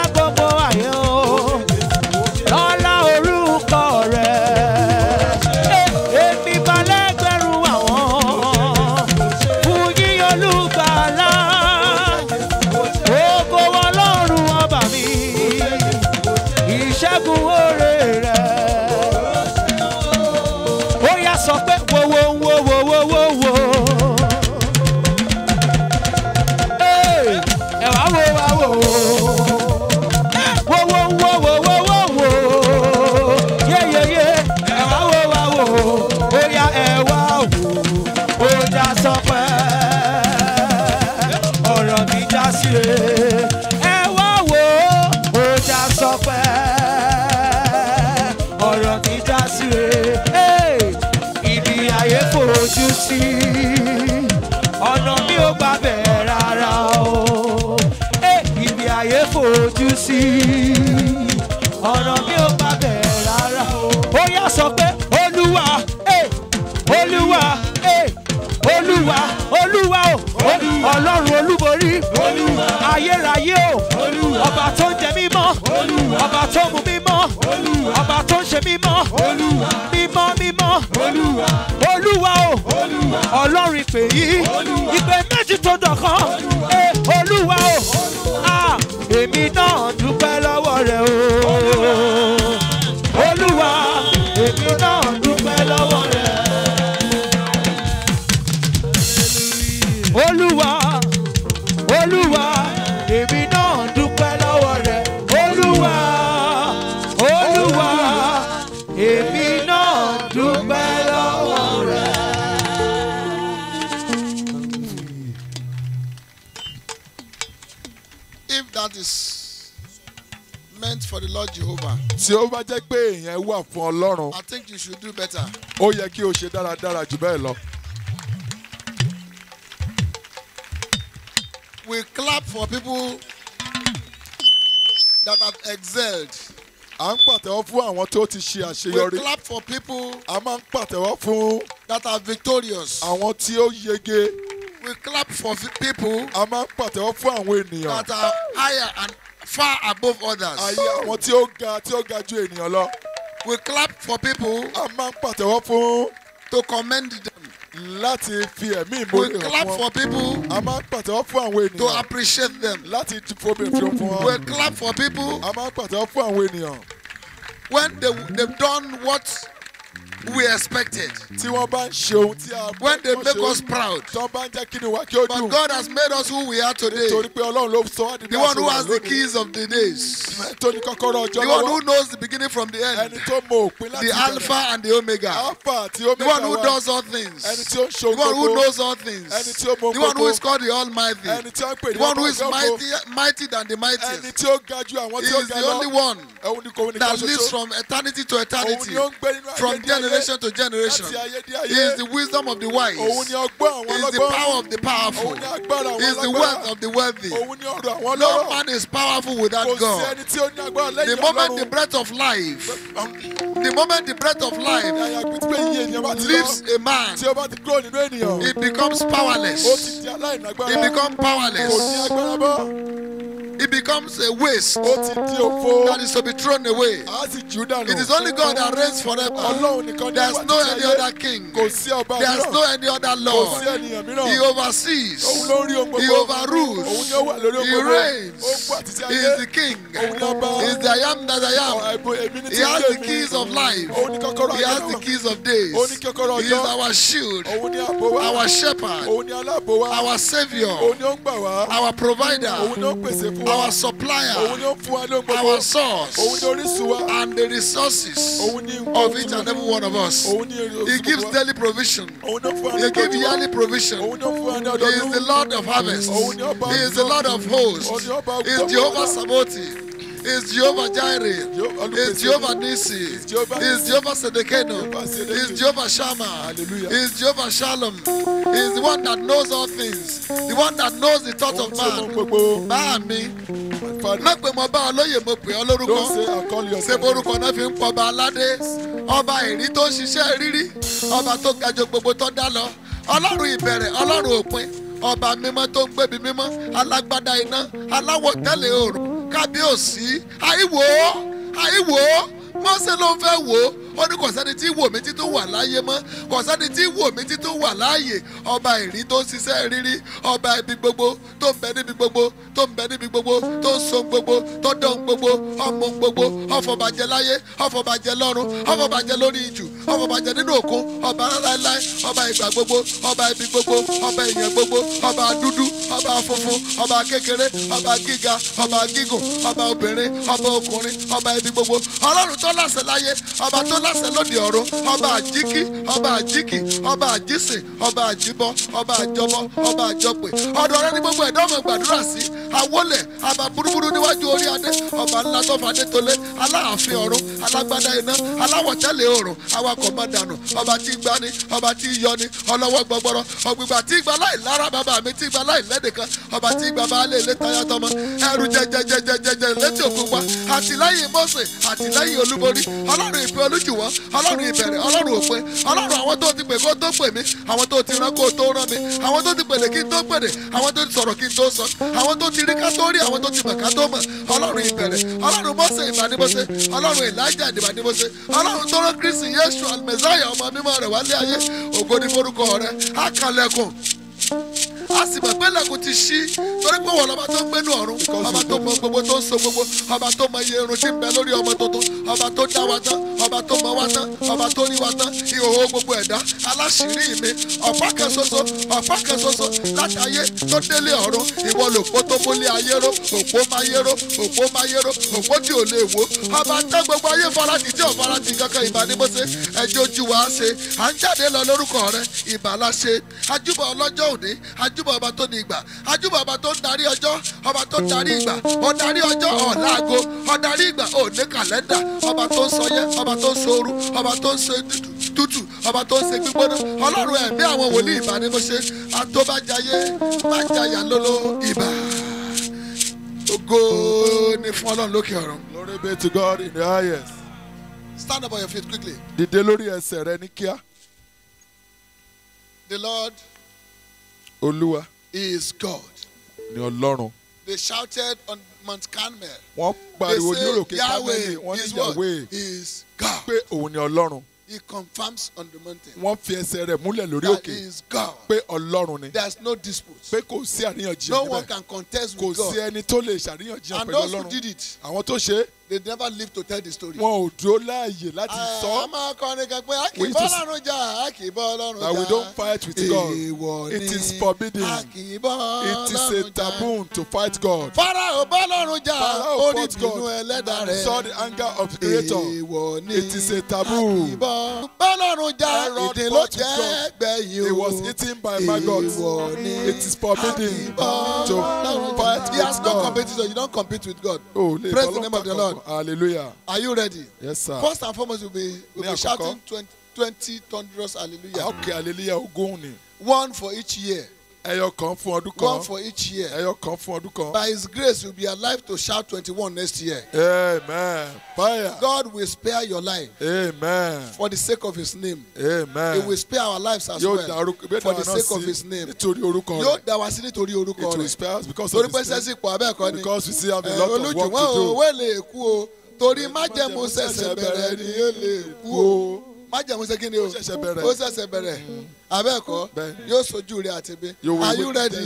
ayérayé o ọba tó ń jẹ mímọ́ ọba tó ń mu mímọ́ ọba tó ń ṣe mímọ́ mímọ́ mímọ́ olúwa o ọlọ́run ìpè yìí ìpè méjì tó dọ̀kan olúwa o ah, èmi náà dúpẹ́ lọ́wọ́ rẹ o. tí ó bá jẹ́ pé èèyàn wà fún Ọlọ́run. I think you should do better. Ó yẹ kí o ṣe dáradára jù bẹ́ẹ̀ lọ. We clap for people that have excelled. À ń pàtẹ́wọ́ fún àwọn tó ti ṣe àṣeyọrí. We clap for people. A máa ń pàtẹ́wọ́ fún. That are victorious. Àwọn tí ó yege. We clap for people. A máa ń pàtẹ́wọ́ fún àwọn ènìyàn. That are higher and far above others. Ayé àwọn tí ó ga tí ó ga ju ènìyàn lọ. We clap for people. A máa ń pàtẹ́wọ́ fún. To commend them. Láti fi ẹ̀mí ìmọ̀ fún wọn. We clap for people. A máa ń pàtẹ́wọ́ fún àwọn ènìyàn. To appreciate them. Láti fobi ìfihàn fún wọn. We clap for people. A máa ń pàtẹ́wọ́ fún àwọn ènìyàn. When they, they've done what we expected. When they make us proud. But God has made us who we are today. The one who has the keys of the days. The one who knows the beginning from the end. The Alpha and the Omega. The one who does all things. The one who knows all things. The one who is called the Almighty. The one who is mighty, mighty than the mightiest. He is the only one that lives from eternity to eternity. From generation generation to generation. is the wisdom of the wise. is the power of the powerful. is the wealth of the wealthy. No man is powerful without God. Um, the moment the breath of life, the moment the breath of life leaves a man, it becomes powerless. It becomes powerless becomes a waste that is to be thrown away. It is only God that reigns forever. There is no any other king. There is no any other Lord. He oversees. He overrules. He reigns. He is the king. He is the I am that I am. He has the keys of life. He has the keys of days. He is our shield, our shepherd, our savior, our provider, our supplier, our source, and the resources of each and every one of us. He gives daily provision, He gives yearly provision. He is the Lord of harvest, He is the Lord of hosts, He is Jehovah Sabaoth. Is Jehovah Jireh. Is Jehovah Nisi. Is Jehovah Sedekeno. Is Jehovah Shammah. Is Jehovah Shalom. Is the one that knows all things. The one that knows the thoughts of man. Bá mi. Má pè mọ́ bá olóyè mo pè ọ́ lórúkọ. borúkọ náà fi ń pọ̀ bá aládé? Ọba ìrí tó ṣiṣẹ́ rírí. Ọba tó ga gbogbo tó dá lọ. Ọlọ́run ìbẹ̀rẹ̀, Ọlọ́run òpin. Ọba mímọ́ tó ń gbébi mímọ́. Alágbádá iná. Aláwọ̀ tẹ́lẹ̀ òòrùn kábíyèsí àìwò àìwò mọ́sẹ̀ ló ń fẹ́ wò ó ó ní kò sẹ́ni tí wò mí tí tó wà láàyè mọ́ kò sẹ́ni tí wò mí tí tó wà láàyè ọba ìrí tó ń ṣiṣẹ́ rírí ọba ibi gbogbo tó ń bẹ níbi gbogbo tó ń bẹ níbi gbogbo tó ń so gbogbo tó dán gbogbo ọmọ gbogbo ọfọbàjẹ láyé ọfọbàjẹ lọ́run ọfọbàjẹ lórí ìjù ọba bàjẹ́ nínú òkun ọba láéláé ọba ìgbà gbogbo ọba ibi gbogbo ọba èèyàn gbogbo ọba dúdú ọba funfun ọba kékeré ọba gíga ọba gígùn ọba obìnrin ọba ọkùnrin ọba ibi gbogbo ọlọ́run tó láṣẹ láyé ọba tó láṣẹ lóde ọ̀run ọba àjíkí ọba àjíkì ọba àjísìn ọba àjíbọ ọba àjọbọ ọba àjọpè ọ̀dọ̀ rẹ ni gbogbo ẹ̀dá ọmọ gbàdúrà sí àwọlẹ̀ àbá burúburú níwájú orí adé ọba ńlá tó fadé tolé aláàfin ọ̀run alágbádá iná aláwọ̀tẹ́lẹ̀ òrùn àwa awakọ̀ mọ́ dànù ọba tí gbá ni ọba tí yọ ni ọlọ́wọ́ gbọgbọrọ ọ̀gbìgbà tí gba láì lára bàbá mi tí gba láì lẹ́nìkan ọba tí gba bá lè lé tayá tọmọ ẹrù jẹjẹjẹjẹjẹ létí òfin wa àtìlẹ́yìn Mósè àtìlẹ́yìn olúborí ọlọ́run ìpè olújùwọ́ ọlọ́run ìbẹ̀rẹ̀ ọlọ́run òpin ọlọ́run àwọn tó ti pè kó tó pè mí àwọn tó ti rán kó tó rán mi àwọn tó ti pèlè joshua messiah ọmọ mímọ́ rẹ̀ wálé ayé ògo ni forúkọ rẹ̀ á a sì mọ̀ pé lẹ́kùn ti ṣí torí pé wọ́n lọ́ba tó ń gbénu ọ̀run ọba tó mọ gbogbo tó ń so gbogbo ọba tó mọ iye irun tí ń bẹ lórí ọmọ tuntun ọba tó dá wa tán ọba tó mọ wa tán ọba tó rí wa tán ìhòòhò gbogbo ẹ̀dá aláṣìírí mi ọ̀pá kan ṣoṣo ọ̀pá kan ṣoṣo látàyé tó délé ọ̀run ìwọ lòpó tó mólé ayé ró òpó máyé ró òpó máyé ró òpó tí ò lè wó ọba tán gbogbo ayé farati tí ò farati kankan ìbánimọ́sẹ̀ ẹjọ́ ojú wa ṣe à ń jáde lọ lórúkọ rẹ ìbàlá ṣe ajúbọ ọlọ́jọ́ òní aj ajúbà ọba tó ní ìgbà ajúbà ọba tó ń darí ọjọ́ ọba tó ń darí ìgbà ọ̀darí ọjọ́ ọ̀làgò ọ̀darí ìgbà òní kàlẹ́ndà ọba tó ń sọyẹ́ ọba tó ń sooru ọba tó ń ṣe tútù ọba tó ń ṣe gbígbóná ọlọ́run ẹ̀mí àwọn wòlíì ìbà ni mo ṣe àtọ́bàjáyé bàjáyà lóló ìbà ògo ni fún ọlọ́run lókè ọ̀run. glory be to God in the highest. stand up on your feet quickly. dìde lórí ẹsẹ̀ rẹ ní kíá. the Lord. Olúwa. He is God. Ni Ọlọ́run. They shouted on Mount Carmel. Wọ́n pariwo ní òròkè Kámẹ́lì. Wọ́n ní Yahweh is God. Pé òun ni Ọlọ́run. He confirms on the mountain. Wọ́n fi ẹsẹ̀ rẹ̀ múlẹ̀ lórí òkè. That is God. Pé Ọlọ́run ni. There is no dispute. Pé kò sí àríyànjiyàn níbẹ̀. No one can contest with God. Kò sí ẹni tó lè ṣàríyànjiyàn pẹ̀lú Ọlọ́run. And those who did it. Àwọn tó ṣe é. they never live to tell the story. wọn ò dúró láàyè láti ah, sọ. a máa kọrin kan pé a kì í bọ́ lọ́rùn jà a kì í bọ́ lọ́rùn jà. that we don't fight with God. èèwọ̀ ni it is forbidden. a kì í bọ́ lọ́rùn jà. it is a taboo to fight God. Pharaoh bọ́ lọ́rùn jà ó ní bínú ẹlẹ́dà rẹ̀. saw the anger of the creator. èèwọ̀ ni it is a taboo. a kì í bọ́ lọ́rùn jà ìdí ló jẹ́ gbẹ̀yìn o. he was eaten by maggots. èèwọ̀ ni it is forbidden to fight with God. he has no competition you don't compete with God. Oh, praise the name of the Lord. Hallelujah. Are you ready? Yes, sir. First and foremost, we'll be, we'll be shouting 20, 20 thunderous hallelujah. Ah, okay, hallelujah. One for each year. ẹyọ kan fún ọdún kan. one for each year. ẹyọ kan fún ọdún kan. by his grace you be alive to shout twenty-one next year. amen. fire. God will spare your life. amen. for the sake of his name. amen. he will spare our lives as yóò well. for the sake of his name. nítorí orúkọ rẹ̀. yóò dá wa sí nítorí orúkọ rẹ̀. it will spare us because of his name. torí pé pọ̀ abẹ́ kan ni. because we still have a lot of work to do. olùjùmọ̀ òwe lè kú o torí májẹ̀mú sẹ̀sẹ̀ bẹ̀rẹ̀ ni ó lè kú o májẹ̀mú ṣe kí ni o ó ṣẹ̀ṣẹ̀ bẹ̀rẹ̀ abẹ́ẹ̀kọ́ yóò sojú rẹ̀ àti bí are you ready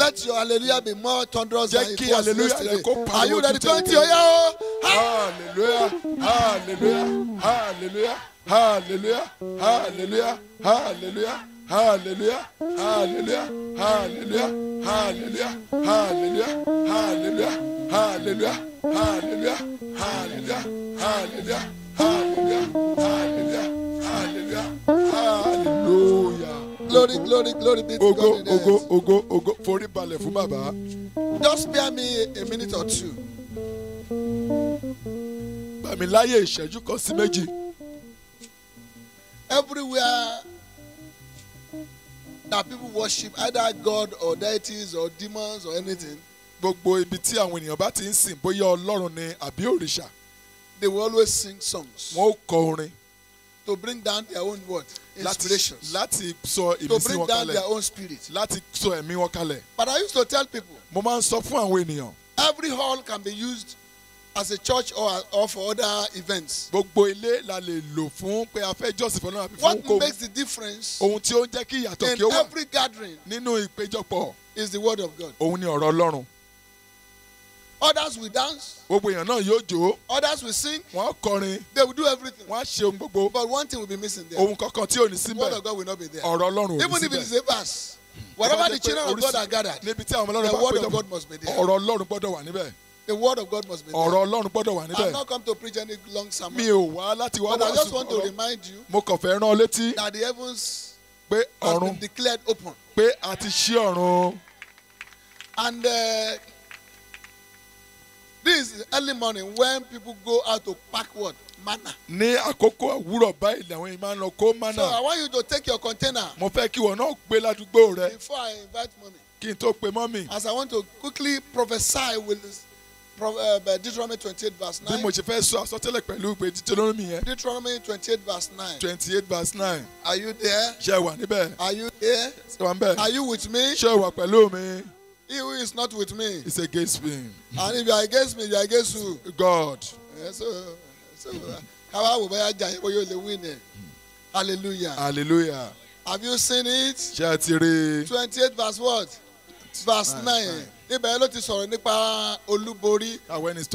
let your hallelujah be more thunderous than it was yesterday are you ready twenty oya o. hallelujah hallelujah hallelujah hallelujah hallelujah hallelujah. Hallelujah, hallelujah, hallelujah, hallelujah, hallelujah, hallelujah, hallelujah, hallelujah, hallelujah, hallelujah glory glory glory be to ogo, God. ogo ogo ogo ogo forí balẹ̀ fún bàbá. just bear me a minute or two. gbà mí láyè ìṣẹ́jú kan sí méjì. everywhere that people worship either God or deities or demons or anything. gbogbo ibi tí àwọn ènìyàn bá ti ń sìn bóyá ọlọ́run ni àbí òrìṣà. They will always sing songs. Wọ́n kọ orin. To bring down their own what? Inspirations. Láti sọ ìmísí wọn kalẹ̀. To bring down their own spirit. Láti sọ ẹ̀mí wọn kalẹ̀. But I used to tell people. Mo máa ń sọ fún àwọn ènìyàn. Every hall can be used as a church or, or for other events. Gbogbo ilé la lè lò fún pé a fẹ́ jọ́sìn fún Ọlọ́run àbí fún kò. What makes the difference. Ohun tí ó ń jẹ́ kí ìyàtọ̀ kí ó wà. In every gathering. Nínú ìpéjọpọ̀. Is the word of God. Òun ni ọ̀rọ̀ Ọlọ́run others will dance. gbogbo èèyàn náà yóò jó. others will sing. wọ́n kọrin. they will do everything. wọ́n á ṣe ohun gbogbo. but one thing will be missing there. ohun kankan tí ò ní síbẹ̀. word of God will not be there. ọ̀rọ̀ ọlọ́run ò ní síbẹ̀. even if it is a verse. whatever the children of God are gathered. níbi tí àwọn ọlọ́run bá péjọ ọ̀rọ̀ ọlọ́run gbọ́dọ̀ wà níbẹ̀. The word of God must be there. ọ̀rọ̀ ọlọ́run gbọ́dọ̀ wà níbẹ̀. I have not come to preach any long sermon. mi ò wá láti wá wá sùn. but I just want to remind you. mo kàn fẹ́ rán ọ that the heavens. pé open. pé a and uh, This is early morning when people go out to pack what? Manna. Ní àkókò òwúrọ̀ báyìí làwọn yìí máa ń lọ kó manna. So I want you to take your container. Mo fẹ́ kí ìwọ náà gbé ládùúgbò rẹ. Before I invite mommy. Kí n tó pe mọ́mì. As I want to quickly prophesy with this. Uh, uh, Deuteronomy twenty-eight verse nine. Bí mo ṣe fẹ́ sọ àsọtẹ́lẹ̀ pẹ̀lú ìpè Deuteronomy yẹn. Deuteronomy twenty-eight verse nine. twenty-eight verse nine. Are you there? Ṣé wà níbẹ̀? Are you there? Ṣé wà níbẹ̀? Are you with me? Ṣé wà pẹ̀lú mi? He who is not with me is against me. And if you are against me, you are against who? God. Eh, so, so how are we going to win it? Hallelujah. Hallelujah. Have you seen it? Chatiri. 28 verse what? Verse 9. nine níbẹ̀ ló ti sọ̀rọ̀ nípa olúborí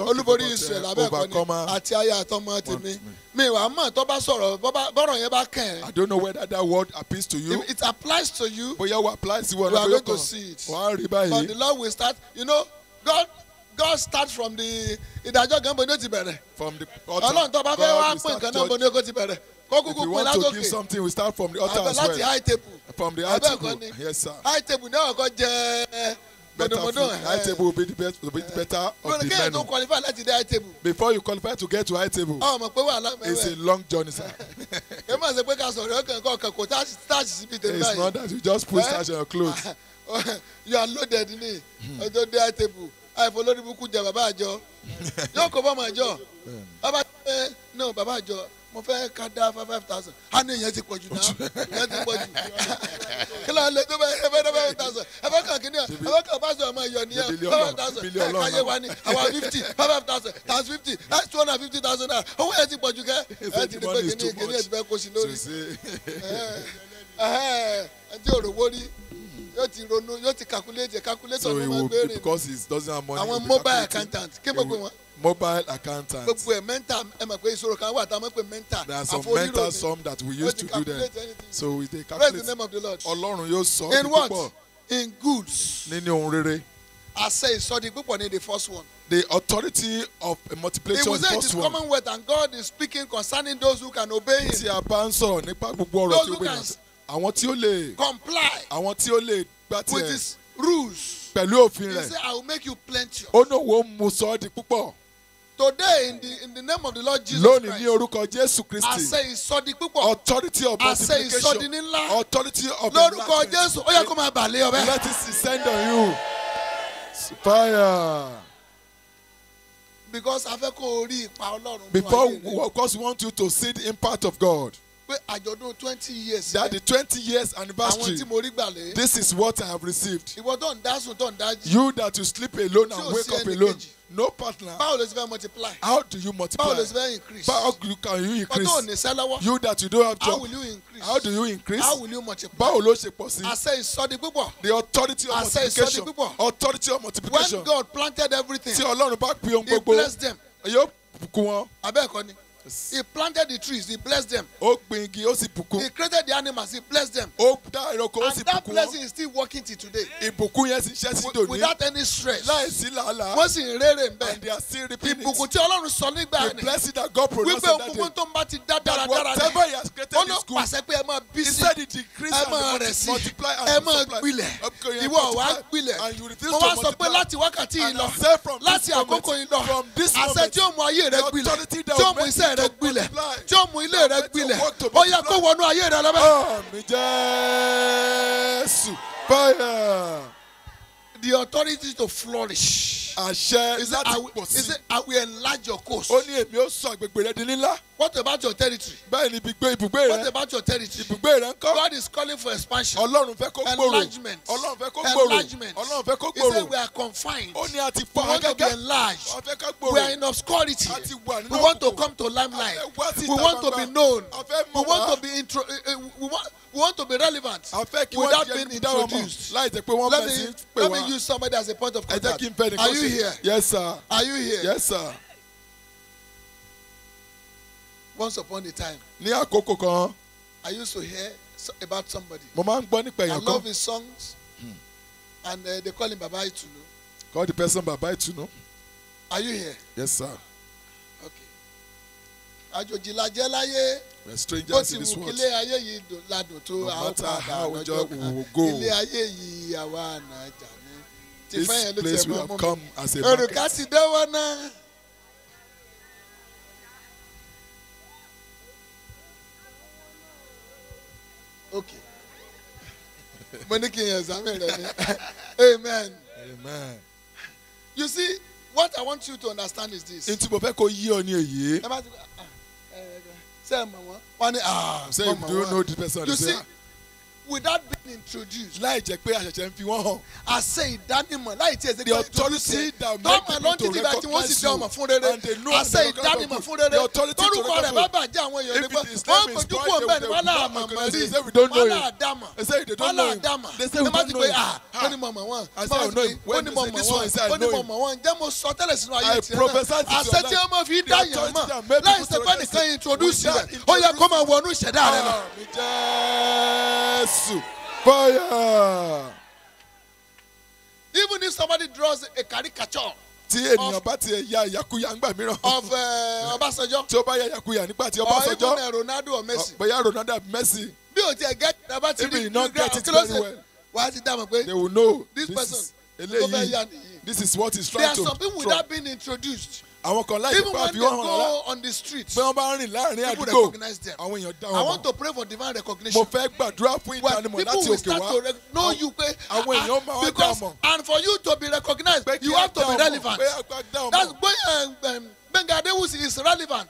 olúborí uh, Israel abẹ́ẹ̀kọ́ni àti aya àtọmọ tèmi mm. mi wà mọ̀ tó bá sọ̀rọ̀ bọ́rọ̀ yẹn bá kàn I don't know whether that word appeals to you. it applies to you. bóyá o apply sí wọn. you are going to see it. wàá rí báyìí. but the Lord will start you know God God starts from the ìdájọ́ gan bo ni ó ti bẹ̀rẹ̀. from the altar Ọlọ́run tó bá fẹ́ wá pín nǹkan náà bo ni ó ti bẹ̀rẹ̀. kókùkù pin látòkè. if you want to give something we start from the altar as well. àbẹ̀ láti high table. from the high table yes sir. high table náà kọ́ jẹ́ better food high table will be the best will be the better of the menu. kéèyàn tó qualify láti dé high table. before you qualify to get to high table. ọmọ pé wàhálà mẹ́wẹ́. it's a long journey sir. ẹ má ṣe pé ká sọ̀rọ̀ ọkàn kọ̀ọ̀kan kò starch starch síbi tèmi báyìí. it's not that you just put starch on your clothes. you are loaded ni hmm. ọjọ́ dé high table àìfọ lórí burúkú jẹ bàbá àjọ yóò kó bọ́ ọmọ àjọ hmm. bàbá ẹ náà bàbá àjọ mo fẹ́ ká dá five thousand á ní ìyẹn ti pọ̀ jù náà ìyẹn ti pọ̀ jù kí ló ń lè tó bẹ́ẹ̀ ayọ̀ ní ẹ̀ five thousand ẹ̀ káyé wa ni àwa fifty five thousand times fifty that's two hundred and fifty thousand naira owó ẹ̀ ti pọ̀ jù kẹ́ ẹ̀ ti di pé kìnìún kìnìún ẹ̀ ti fẹ́ kó sí lórí ẹ̀ ti òròwó rí yóò ti ronú yóò ti calculate ẹ̀ calculator ló máa gbé rìn because he doesn't have money àwọn mobile accountant kí gbogbo wọn mobile accountant. gbogbo ẹ mental ẹ mọ̀ pé ìṣòro kan wà tá a mọ̀ pé mental. there are some mental sum that we used to do then so we dey calculate. praise the name of the lord. ọlọ́run yóò sọ ọ́ púpọ̀. in what in goods. nínú ohun rere àṣẹ ìsọdi púpọ̀ ni the first one. The authority of multiplication is first one. It was said it is commonwealth and God is speaking concerning those who can obey him. Tí a bá ń sọ̀rọ̀ nípa gbogbo ọ̀rọ̀ tí ó gbé náà. Àwọn tí ó lè. Comply. Àwọn tí ó lè gbá tiẹ̀. With his rules. Pẹ̀lú òfin rẹ̀. He said I will make you plenty. Ó náà wo mu sọ ọ́ di púpọ̀. Today in the in the name of the Lord Jesus Lónìí, Christ. Lónìí ní orúkọ Jésù Kristi. Àṣẹ ìsọdi púpọ̀. Authority of multiplication. Àṣẹ ìsọdi ní ńlá. Authority of enlargement. Lórúkọ Jésù ó yẹ kó máa bàlẹ́ ọbẹ̀. Let it descend on you. Fire. Because, because we, of course, we want you to see the impact of God. pé àjọ̀dún twenty years. that the twenty years anniversary. àwọn tí mo rí gbàlẹ́. this is what I have received. ìwọ tó ń dá sùn tó ń dá jí. you that you sleep alone and wake up alone. no partner. báwo ló ti multiply. how do you multiply. báwo ló ti increase. how do you, can you increase. ọtọ́ òní sẹ́lẹ̀wọ́. you that you don't have job. how will you increase. how do you increase. how will you multiply. báwo ló ṣe pọ̀ sí. àṣẹ ìsọdi púpọ̀. the authority of multiplication. àṣẹ ìsọdi púpọ̀. authority of multiplication. when God planted everything. tí Ọlọ́run bá pe ohun gbogbo. he blessed them. yóò bùkún wọn. abẹ́ẹ̀kọ́ ni. He planted the trees, he blessed them. Ó gbin igi, ó sì bùkún. He created the animals, he blessed them. Ó dá ẹranko, ó sì bùkún. And that blessing is still working till today. Ìbùkún yẹn sì ṣẹ́ sí dòní. Without any stress. Láìsí làálàá. Wọ́n sì ń rere ń bẹ̀. And they are still repeating Ìbùkún tí Ọlọ́run sọ nígbà yẹn. The blessing that God pronounced on that day. Wípé òkùnkùn tó ń bá ti dá dáradára ni. Whatever he has created in school. Ó ló pàṣẹ pé ẹ máa bí sí. He said it decrease and multiply and multiply. Ẹ máa gbilẹ̀. Ìwọ wà á And you ilé rẹ gbilẹ̀ tí ó mú ilé rẹ gbilẹ̀ ó yẹ kó wọnú ayé rẹ lọ́bẹ̀. àmì Jésù báyà. The authority to flourish àṣẹ is that ìpò sí. he said I enlarge your coast. ó ní èmi ó sọ agbègbè rẹ di nílá. what about your territory. bẹ́ẹ̀ ni ibùgbé ibùgbé rẹ. what about your territory. ibùgbé rẹ ńkọ́. God is calling for expansion. ọlọ́run fẹ́ kó gbòòrò. enlargement. ọlọ́run fẹ́ kó gbòòrò. enlargement. ọlọ́run fẹ́ kó gbòòrò. he said we are confined. ó ní àti pa àwọn gẹ́gẹ́. we want to be enlarged. wọ́n ká gbòòrò. we are in obscurity. àti wà nínú òkú. we want to come to limelight. a fẹ́ wá sí ìta we want to be known. we want to be eh, eh, we want to be relevant. a fẹ́ kí wọ́n let me use somebody as a point of contact. here? Yes, sir. Are you here? Yes, sir. Once upon a time. I used to hear about somebody. I love his songs. Hmm. And uh, they call him Baba Itunu. Call the person Baba Itunu. Are you here? Yes, sir. Okay. We are strangers in this world. this place we have come as a market. okay mo ní kí amen. amen. you see what i want you to understand is this. ntí mo fẹ́ kó yí Say, Mama. èyí. Ah, ṣé ah. say you do know this person. you see without being introduced. láì jẹ́ pé àṣẹ̀ṣẹ̀ ń fi wọ́n hàn. àṣẹ ìdánimọ̀ láì tí èsè de authority tọ́mọ̀ ló ń títí bẹ́ẹ̀ tí wọ́n sì fi ọmọ fún rere àṣẹ ìdánimọ̀ fún rere torúkọ rẹ̀ bá bàjẹ́ àwọn èèyàn nípa wọ́n gbójú kúrò bẹ́ẹ̀ ni wọ́n là ah, ah, mọ̀ mọ̀ rí wọ́n là dámọ̀ wọ́n là dámọ̀ ní má ti pé à ó ní mọ̀mọ̀ wọn ó ní mọ̀mọ̀ wọn ó ní mọ̀mọ̀ wọn ǹjẹ́ mo sọ tẹ́lẹ̀ sínú ayé tiẹ̀ náà àṣẹ tí wọ́n fi dá yàn mọ̀ láì sẹ́pẹ́ nìkan introduce rẹ̀ ó yẹ kó máa wọnú ìṣẹ̀dá rẹ̀ Jésù fire. Even if somebody draws a caricature. Tí ènìyàn bá tiẹ̀ ya ìyakuya nígbà mìíràn. Of uh, Ọbásanjọ́. Tí ó bá ya ìyakuya nígbà tí Ọbásanjọ́. Or even uh, Ronaldo or Messi. Bóyá Ronaldo àbí Messi. Bí o tiẹ̀ gẹ́tì náà bá ti rí ìlú gbà kí wà á ti dáàmú pé. They will know this, this person. Eléyìí this is what he's trying to. There are some people without being introduced àwọn kan láì pé àfi wọn hàn rárá on the street pé wọn bá rìn láàrin àdúgbò àwọn èèyàn dá wọn mọ. I want to pray for divine recognition. mo fẹ́ gbàdúrà fún ìdánimọ̀ láti òkè wá you pé àwọn ah, èèyàn máa wá dá mọ̀. and for you to be recognized you have to be relevant that's gbẹ̀ngà um, um, adéwùsì is relevant.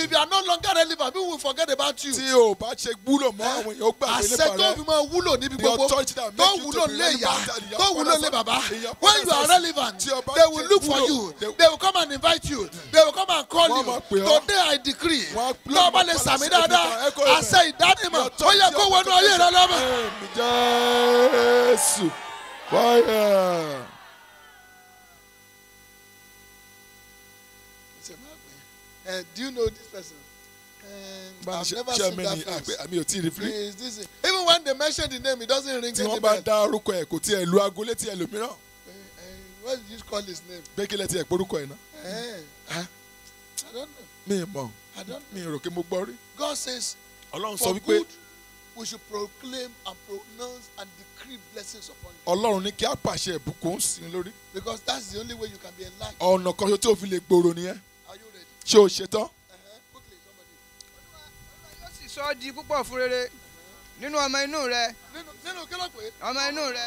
If you are no longer relevant, people will forget about you. Tí o bá ṣe wúlò mọ́ àwọn èèyàn gbàgbé nípa rẹ. Àṣẹ tó fi máa wúlò níbi gbogbo. The authority that be relevant. Tó wúlò lé bàbá. When you are relevant, they will look for you. They will come and invite you. They will come and call you. Today I decree. Tó o bá lè sàmì dáadáa, àṣẹ ìdánimọ̀ ó yẹ kó wọnú ayé rẹ Jésù. Fire. Uh, do you know this person? Um, I've never seen that face. Àmì ò tí ì rí Is this Even when they mention the name, it doesn't ring any bell. Eh, eh, what do you call his name? Bẹ́kílẹ̀ tiẹ̀ porúkọ ẹ̀ náà. Ah. I don't know. Me, mọ̀. I don't know. Mi rò God says, Ọlọ́run sọ wípé. For good we should proclaim and pronounce and decree blessings upon you. Ọlọ́run ní kí á pàṣẹ ìbùkún sí i lórí. Because that's the only way you can be enlightened. Ọ̀nà kan tó fi lè gbòòrò nìyẹn ṣé o ṣe tán. Olúwa yóò sì sọ ọ́ di púpọ̀ fún rere nínú ọmọ inú rẹ. nínú kí ló pé. ọmọ inú rẹ.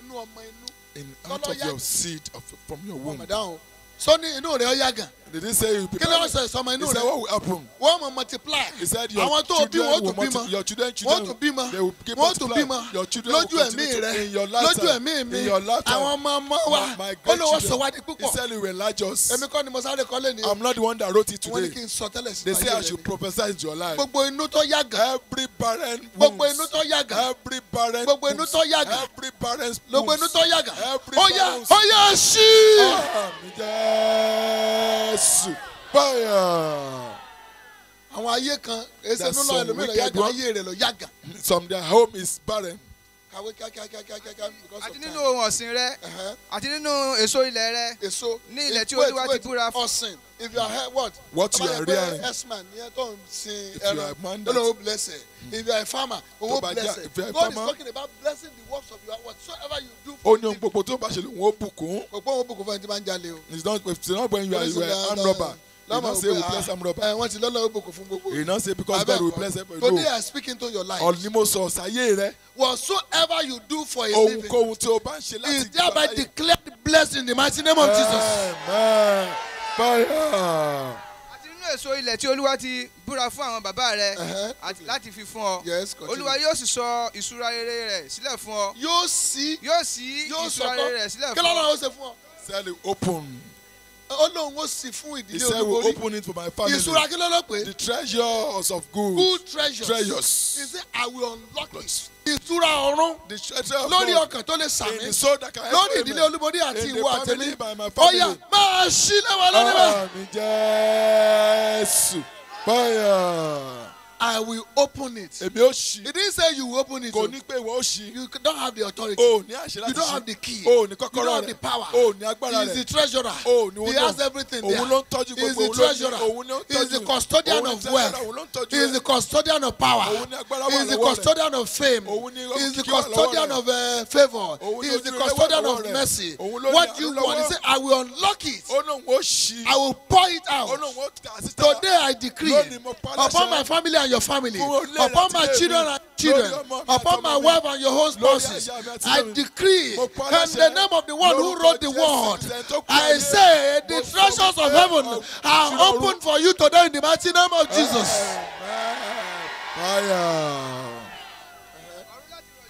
nínú ọmọ inú. in out of your seed of, from your womb. ọmọ dáhùn sọ ní inú rẹ ó yá gan did he say you prepare. kílẹ̀ he said what will happen. wọ́n mọ̀ multiply. he said your àwọn tó bí your children children wọ́n tún bímọ they will keep wọ́n your children will continue to in your lifetime lójú ẹ̀mí mi àwọn ọmọ ọmọ wa olówó sọwádìí púpọ̀. he said you enlarge us. èmi kọ́ ni mo sáré kọ́lé ni. I'm not the one that wrote it today. they say I should prophesy in your life. gbogbo inú tó yàgà. every barren wound. gbogbo inú tó yàgà. every barren wound. gbogbo inú tó yàgà. every barren wound. gbogbo inú tó yàgà. every barren wound. ó yá ó yá sí. Ah, jésù báyà àwọn ayé kan èsè nínú ẹlòmíràn yàgà ayé rẹ lọ yàgà. some their home is barren kàwé kíákíákíákíá. àti nínú ohun ọ̀sìn rẹ uh-huh. àti nínú èso ilẹ̀ rẹ èso ní ilẹ̀ tí olúwa ti búra fún. ọ̀sìn if you are what. what you are rearing. ọmọ ẹgbẹ́ ni ẹ tó ń sin ẹran olówó blessing hmm. if you are a farmer owó blessing God is talking about blessing the works of your whatsoever you do. ó ní ohun gbogbo tó bá ṣe lè wọ́n bùkún. òpó wọn bùkún fún ẹni tí máa ń jalè o. it's not it's not when you are you are hand robber lọ́mọ òpè ah eh, wọ́n ti lọ́lọ́ òbòkò fún gbogbo. you know say because God will bless everybody. today I speak into your life. ọ̀ni mo sọ ṣayé rẹ. whatsoever you do for a living. ohunkóhun tí o bá ń ṣe láti gbọ́ láyé. is thereby declared blessed in the mighty name of Jesus. amen. fire nínú èso ilẹ̀ tí olúwa ti búra fún àwọn bàbá rẹ láti fi fún ọ olúwa yóò sì sọ ìṣúra rere rẹ sílẹ̀ fún ọ yóò sí ìṣúra rere rẹ sílẹ̀ fún ọ. kí ló lọ́wọ́ ó ṣe fún ọ. sẹ́ẹ̀lì open. Ọlọ́run ó sì fún ìdílé olúborí. He said we will open it for my family. Ìṣúra kí ló ló pé. The treasures of good. Good treasures. Treasures. He said I will unlock it. Ìtura ọ̀run lórí ọkàn tó lè sàmì lórí ìdílé olúborí àti ìwọ àtẹ̀mí. Ọ̀yà máa ṣí lẹ́wọ̀n lórí bẹ́ẹ̀. Àmì Jésù. Báyà. I will open it. Èmi ó ṣí. It didn't say you will open it. Kò ní pé ìwọ ó ṣí. You don't have the authority. O ní àṣẹ láti ṣí. You don't have the key. O ní kọ́kọ́rọ́ rẹ̀. You don't have the power. O ní agbára rẹ̀. He is the treasurer. O ní wọ́n náà. He has everything there. Òun ló ń tọ́jú gbogbo. He is the treasurer. Òun ló ń tọ́jú. He is the custodian of wealth. Òun ló ń tọ́jú. He is the custodian of power. Òun ní agbára wà lọ́wọ́ rẹ̀. He is the custodian of fame. Òun ní He is the custodian of uh, eh, favour. He is the custodian of mercy. What you want? He say, I will unlock it. Ó lóun ó ṣí. I will pour it out. Ó lóun ó Today I decree upon my family your family, upon my children and children, upon my wife and your whole spouses. I decree in the name of the one who wrote the word, I say the treasures of heaven are open for you today in the mighty name of Jesus. Fire.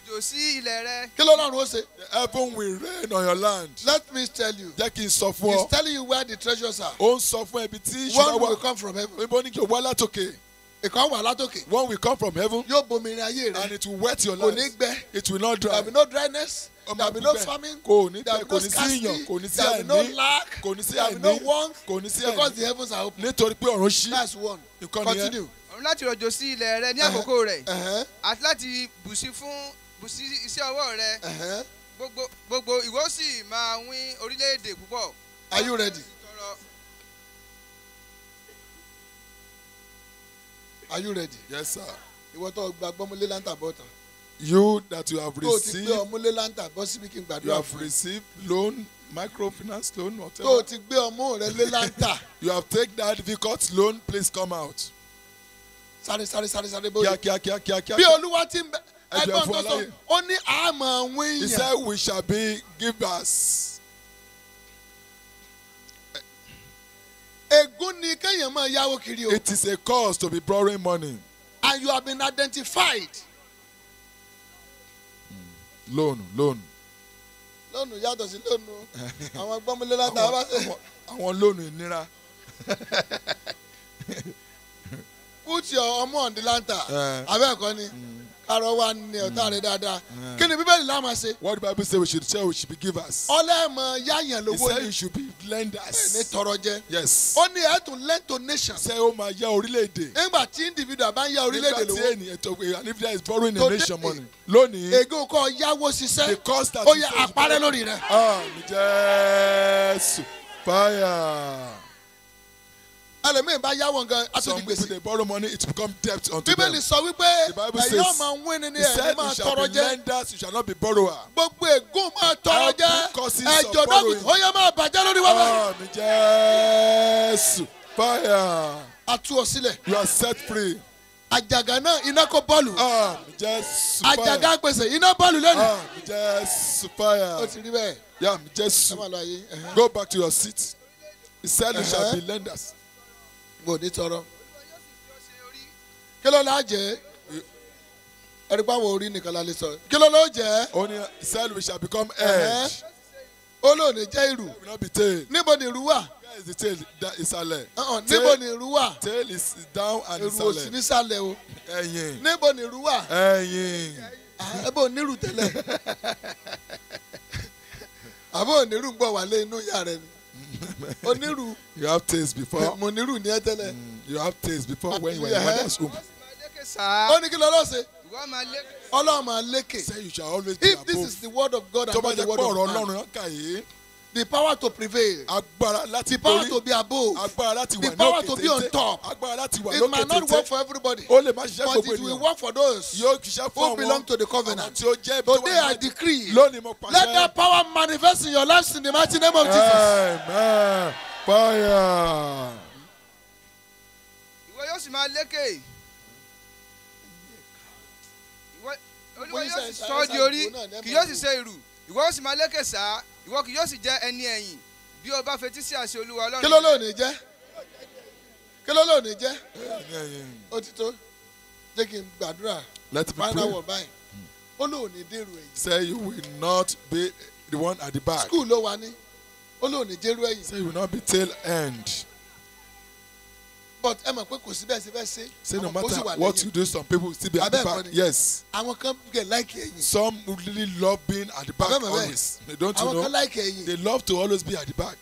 òjò sí ilẹ̀ rẹ. kí ló lọ́run ó ṣe. the heaven will rain on your land. let me tell you. jẹ́ kí n sọ fún ọ. he is telling you where the treasures are. ó ń sọ fún ẹbí tí one will come from heaven. ibo ni kí o wá látòkè ìkan wà látòkè. one will come from heaven. yóò bomi rin ayé rẹ. and it will wet your life. kò ní gbẹ. it will not dry. there will be no dryness. there will be no farming, kò ní tẹ kò ní sí ìyàn kò ní sí àìní. there will be no lack. kò ní sí àìní. there will be no want. kò ní sí àìní. because the heavens are open. nítorí pé ọ̀run ṣí. that's one. ìkan nìyẹn. continue. láti rọ̀jò sí ilẹ̀ rẹ ní àkókò rẹ̀. àti láti bùsí fún bùsí iṣẹ́ ọwọ́ rẹ. gbogbo gbogbo ìwọ sì máa wín orílẹ̀-èdè púpọ̀. are you ready? Are you ready? Yes, sir. Ìwọ tó gba gbọ́mọlé láǹtà bọ́ tán. You that you have received. Tó o ti gbé ọmọlé láǹtà bọ́ síbi kí n gbàdúrà You have received loan microfinance loan whatever. Tó o ti gbé ọmọ rẹ lé láǹtà. You have taken that difficult loan please come out. Sáré sáré sáré sáré bóyá. Kíá kíá kíá kíá kíá. Bí Olúwa ti ń bẹ. Ẹgbẹ́ fún aláyé. Ó ní àmọ̀ àwọn èèyàn. He said we shall be givers. ègún ni kéèyàn máa yáwó kiri o. it is a cause to be borrowing money. and you have been identified. Hmm. Loan, loan, loan. lónù yàtọ̀ sí lónù àwọn gbọ́mọlé látà wá sí. àwọn lónù ìnira. put your ọmọ on the lantern. Eh. abẹ́ẹ̀kọ́ ni. Mm arọ wa ni ọ̀tá rẹ hmm. dáadáa hmm. kí ni bíbélì la ṣe. what the bible say we should share we should be givers. ọlẹ́mọ yáyàn lówó ni. he said you should be lenders. ní tọrọ jẹ. yes. ó ní ẹ̀tún lend to nation. ṣé o máa yá orílẹ̀-èdè. nígbà tí individual bá ń yá orílẹ̀-èdè lówó. nígbà tí ènìyàn tó and if there is borrowing the nation money. lónìí. ègún kọ́ yáwó ṣiṣẹ́. the cost that. ó yẹ àparẹ́ lórí rẹ̀. ah jésù fire ẹlòmíì bá yáwó nǹkan á gbèsè. some people dey borrow money it become debt unto them. bíbélì sọ wípé ẹ̀yọ́ máa ń wí ni ní ẹ̀ máa tọrọ jẹ́. he said you shall be lenders you shall not be borrower. gbogbo ègún máa tọrọ jẹ́ ẹ̀jọ̀ dọ́gùn ó yẹ máa bàjẹ́ lórí wọn. àmì jésù fire. a tú ọ sílẹ̀. you are set free. àjàgà náà iná kó bọ́ọ̀lù. àmì oh, jésù fire. àjàgà gbèsè iná bọ́ọ̀lù lẹ́nu. àmì jésù fire. ó ti rí bẹ́ẹ̀. go back to your seat he said you shall uh-huh. be lenders wò ní tọrọ kí ló la jẹ́ ẹ̀rí pàwọ̀ orí nìkan la lè sọ kí ló ló jẹ́. ó ní cell we shall become edge. ó lò ní jẹ́ ìrù. we no be tail. níbo ni ìrù wà. where is the tail ìsàlẹ̀. níbo ni ìrù wà. tail is down and ìsàlẹ̀. ìrù òsì nísàlẹ̀ o. ẹ̀yìn. níbo ni ìrù wà. ẹ̀yìn. ẹ̀bùn onírù tẹ́lẹ̀. àbọ̀ onírù ń bọ̀ wálé inú yàrá ni. onírú. you have taste before. mo nírú ní ẹ mm. you have taste before when you were in mother's womb. ó ní kí lọ́lọ́ ṣe. ọlọ́run máa lékè. say you shall always be above. if this is the word of God and not the word of man. tọ́ba jẹ́ pọ̀ ọ̀rọ̀ ọlọ́run náà yìí the power to prevail. agbára láti borí the power to be above. agbára láti wà lókè tètè the power to be on top. agbára láti wà lókè tètè it may not work for everybody. ó lè má ṣiṣẹ́ gbogbo ènìyàn but it will work for those. yóò ṣiṣẹ́ fún àwọn who belong to the covenant. tí ó jẹ́ tó wà lókè today I decree. lónìí mo pàṣẹ. let that power manifest in your lives in the mighty name of Jesus. amen fire. ìwọ yóò sì máa lékè. ìwọ yóò sì sọ ọ́ di orí kì yóò sì ṣe ìrù ìwọ yóò sì máa lékè sáà ìwọ kì yóò sì jẹ́ ẹni ẹ̀yìn bí o bá fetí sí àṣẹ olúwa ọlọ́run. kí ló ní jẹ́ kí ló ní jẹ́ ó ti tó jẹ́ kí n gbàdúrà final word báyìí ó lò ní dèrò ẹ̀yìn. say you will not be the one at the back. school ló wà ní ó lò ní dèrò ẹ̀yìn. say you will not be tail end but ẹ mọ̀ pé kò sí bẹ́ẹ̀ ṣe bẹ́ẹ̀ ṣe. say no matter what you do some people will still be at the back yes. àwọn kan get like ẹ̀yìn. some really love being at the back always don't you know like ẹ̀yìn. they love to always be at the back.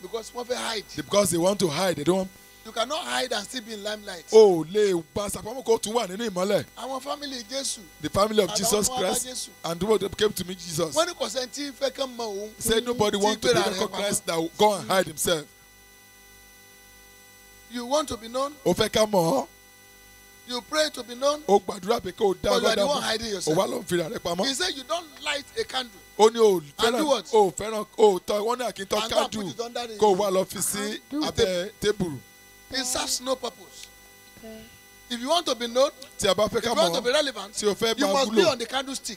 because wọ́n fẹ́ hide. because they want to hide they don't. you cannot hide and still be in limelight. o oh, lè ba sàpamọ́ kó tún wà nínú ìmọ́lẹ̀. àwọn family Jésù. the family of Jesus Christ and the people came to meet Jesus. wọ́n ní kò sẹ́ni tí fẹ́ kán mọ òun. say nobody want to be like Christ that go and hide himself. You want to be known. O fẹ́ ká mọ̀ ọ́. You pray to be known. O gbàdúrà pé kó o dá ọgbà dá O wá lọ fi ra rẹ pamọ́. He said you don't light a candle. Ó ní o fẹ́ràn o fẹ́ràn o tọ wọ́n ní àkíntọ́ candle kó o wá lọ fi sí abẹ́ tébùrù. It serves no purpose. If you want to be known tí a bá fẹ́ ká mọ̀ tí o fẹ́ máa wúlò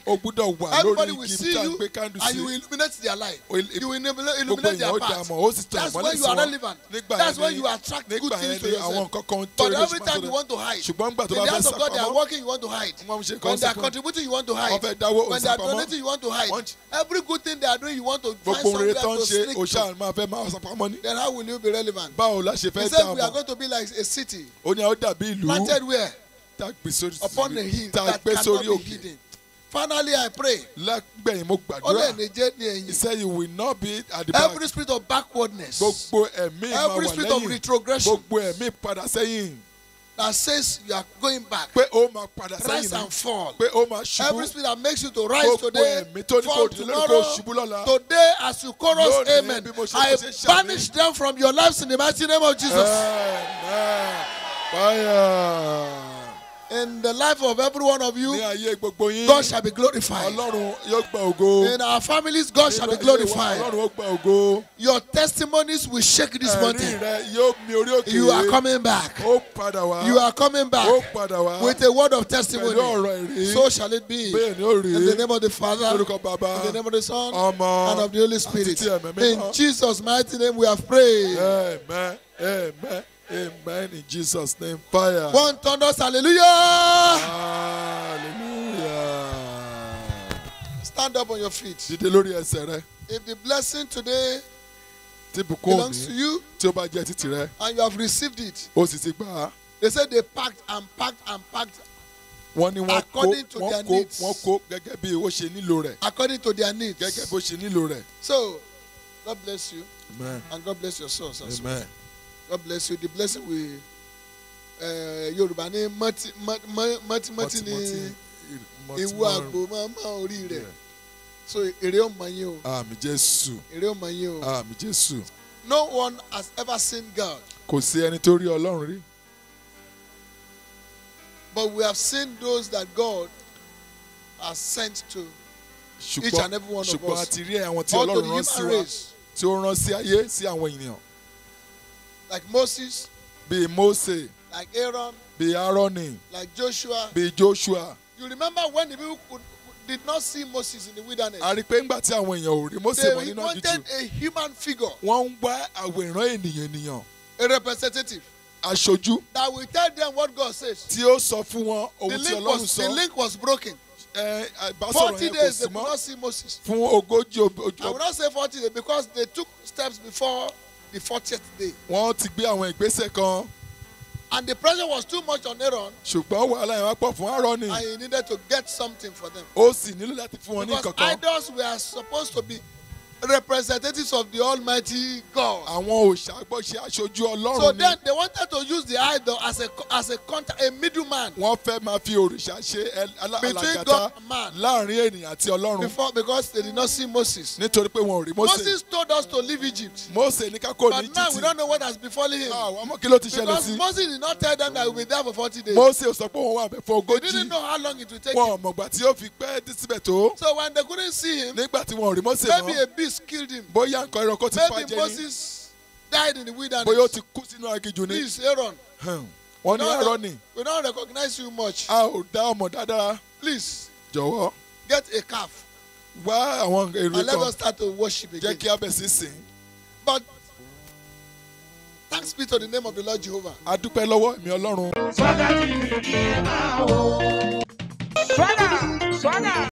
o gbúdọ̀ wà lórí igi tá a gbé candlestick. you will illuminate their life. you will illuminate their path. that's when you are relevant. that's when you attract good things to yourself. but every time you want to hide. ṣùgbọ́n gbà tó bá fẹ́ sá the house of God they are working you want to hide. when they are contributing you want to hide. wọ́n fẹ́ dáwọ́ òsì pamọ́. when they are donating you want to hide. every good thing they are doing you want to find somewhere to sneak to. oṣù àmọ́ afẹ́ máa sá ni. then how will you be relevant. báwo la ṣe fẹ́ dáa mọ́. he said we are going to be like a city. ó ní a ó dàbí ìlú. planted where. upon a hill that cannot be hidden. Finally, I pray. Lẹ́gbẹ̀yìn mo gbàdúrà. Ó lè ní you will not be at the back. Every spirit of backwardness. Every spirit of retrogression. Gbogbo me, Father, saying That says you are going back. Rise and fall. Every spirit that makes you to rise today. fall tomorrow. Today as you chorus amen. I banish them from your lives in the mighty name of Jesus. Amen. Fire. In the life of every one of you, God shall be glorified. In our families, God shall be glorified. Your testimonies will shake this mountain. You are coming back. You are coming back with a word of testimony. So shall it be. In the name of the Father, in the name of the Son, and of the Holy Spirit. In Jesus' mighty name, we have prayed. Amen. Amen. Amen. In Jesus' name, fire. One thunders, hallelujah. Hallelujah. Stand up on your feet. Dìde lórí ẹsẹ̀ rẹ. If the blessing today belongs to you and you have received it. They said they packed and packed and packed wọ́n ní wọ́n kó wọ́n kó wọ́n kó gẹ́gẹ́ bí ó ṣe nílò rẹ̀. according to their needs. gẹ́gẹ́ bó ṣe nílò rẹ̀. so God bless you. Amen. and God bless your sons as well. God bless you. The blessing we uh, Yorùbá ní mọ́tímọ́tí ní ìwú àgbo máa máa orí rẹ̀. So èrè ò mọ yín o. Àmì Jésù. Èrè ò mọ yín o. Àmì Jésù. No one has ever seen God. Kò sí ẹni tó rí Ọlọ́run rí. But we have seen those that God has sent to each and every one of us. Ṣùgbọ́n a ti rí àwọn tí Ọlọ́run rán sí wa tí ó rán sí ayé sí àwọn ènìyàn. Like Moses. Be Moses. Like Aaron. Be Aaron. Like Joshua. Be Joshua. You remember when the people could, did not see Moses in the wilderness. a rí i pé ńgbà tí àwọn èèyàn ò rí Mose mọ́ nínú aginjù. they wanted a human figure. wọ́n ń wá àwòrán ènìyàn ènìyàn. a representative. aṣojú. that will tell them what God says. tí ó sọ fún wọn ohun tí Ọlọ́run sọ. the link was broken. Forty days they could not see Moses. fún ogójì ojú. I will not say forty days because they took steps before the fortieth day. wọ́n ti gbé àwọn ìgbésẹ̀ kan. And the pressure was too much on Aaron. ṣùgbọ́n wàhálà yẹn wá pọ̀ fún Aaron. And he needed to get something for them. ó sì nílò láti fún wọn ní kankan. Because idols were supposed to be representatives of the almighty God. àwọn òòṣà aṣojú ọlọ́run ni. so then they wanted to use the idol as a as a contact a middleman. wọ́n fẹ́ máa fi òrìṣà ṣe alàgàtà láàrin ènìyàn àti ọlọ́run. before because they did not see Moses. nítorí pé wọn ò rí Moses. Moses told us to leave Egypt. Mose ní ká ní Egypt. but now we don't know what has befallen him. Ah, àwọn ọmọ kí ti ṣẹlẹ̀ sí. because Moses did not tell them that he will be there for forty days. Mose sọ pé òun wà bẹ̀ fún ogójì. they didn't know how long it will take him. wọn ò mọ̀gbà tí yóò fi pẹ́ síbẹ̀ tó. so when they couldn't see him. nígbà tí wọn ò rí Mose mọ́. maybe a beast Moses killed him. Bóyá nǹkan ẹranko ti fàjẹ́ ni. Maybe Moses died in the wilderness. Bóyá ó ti kú sínú aginjù ni. Please Aaron. Wọ́n ní Aaron ni. We don't recognize you much. A ò dá ọmọ dáadáa. Please. Jọ̀wọ́. Get a calf. Wá àwọn èrè kan. And let us start to worship again. Jẹ́ kí a sìn. But thanks be to the name of the Lord Jehovah. A dúpẹ́ lọ́wọ́ mi Ọlọ́run. Sọ́dà ti rí i máa wò. Sọ́dà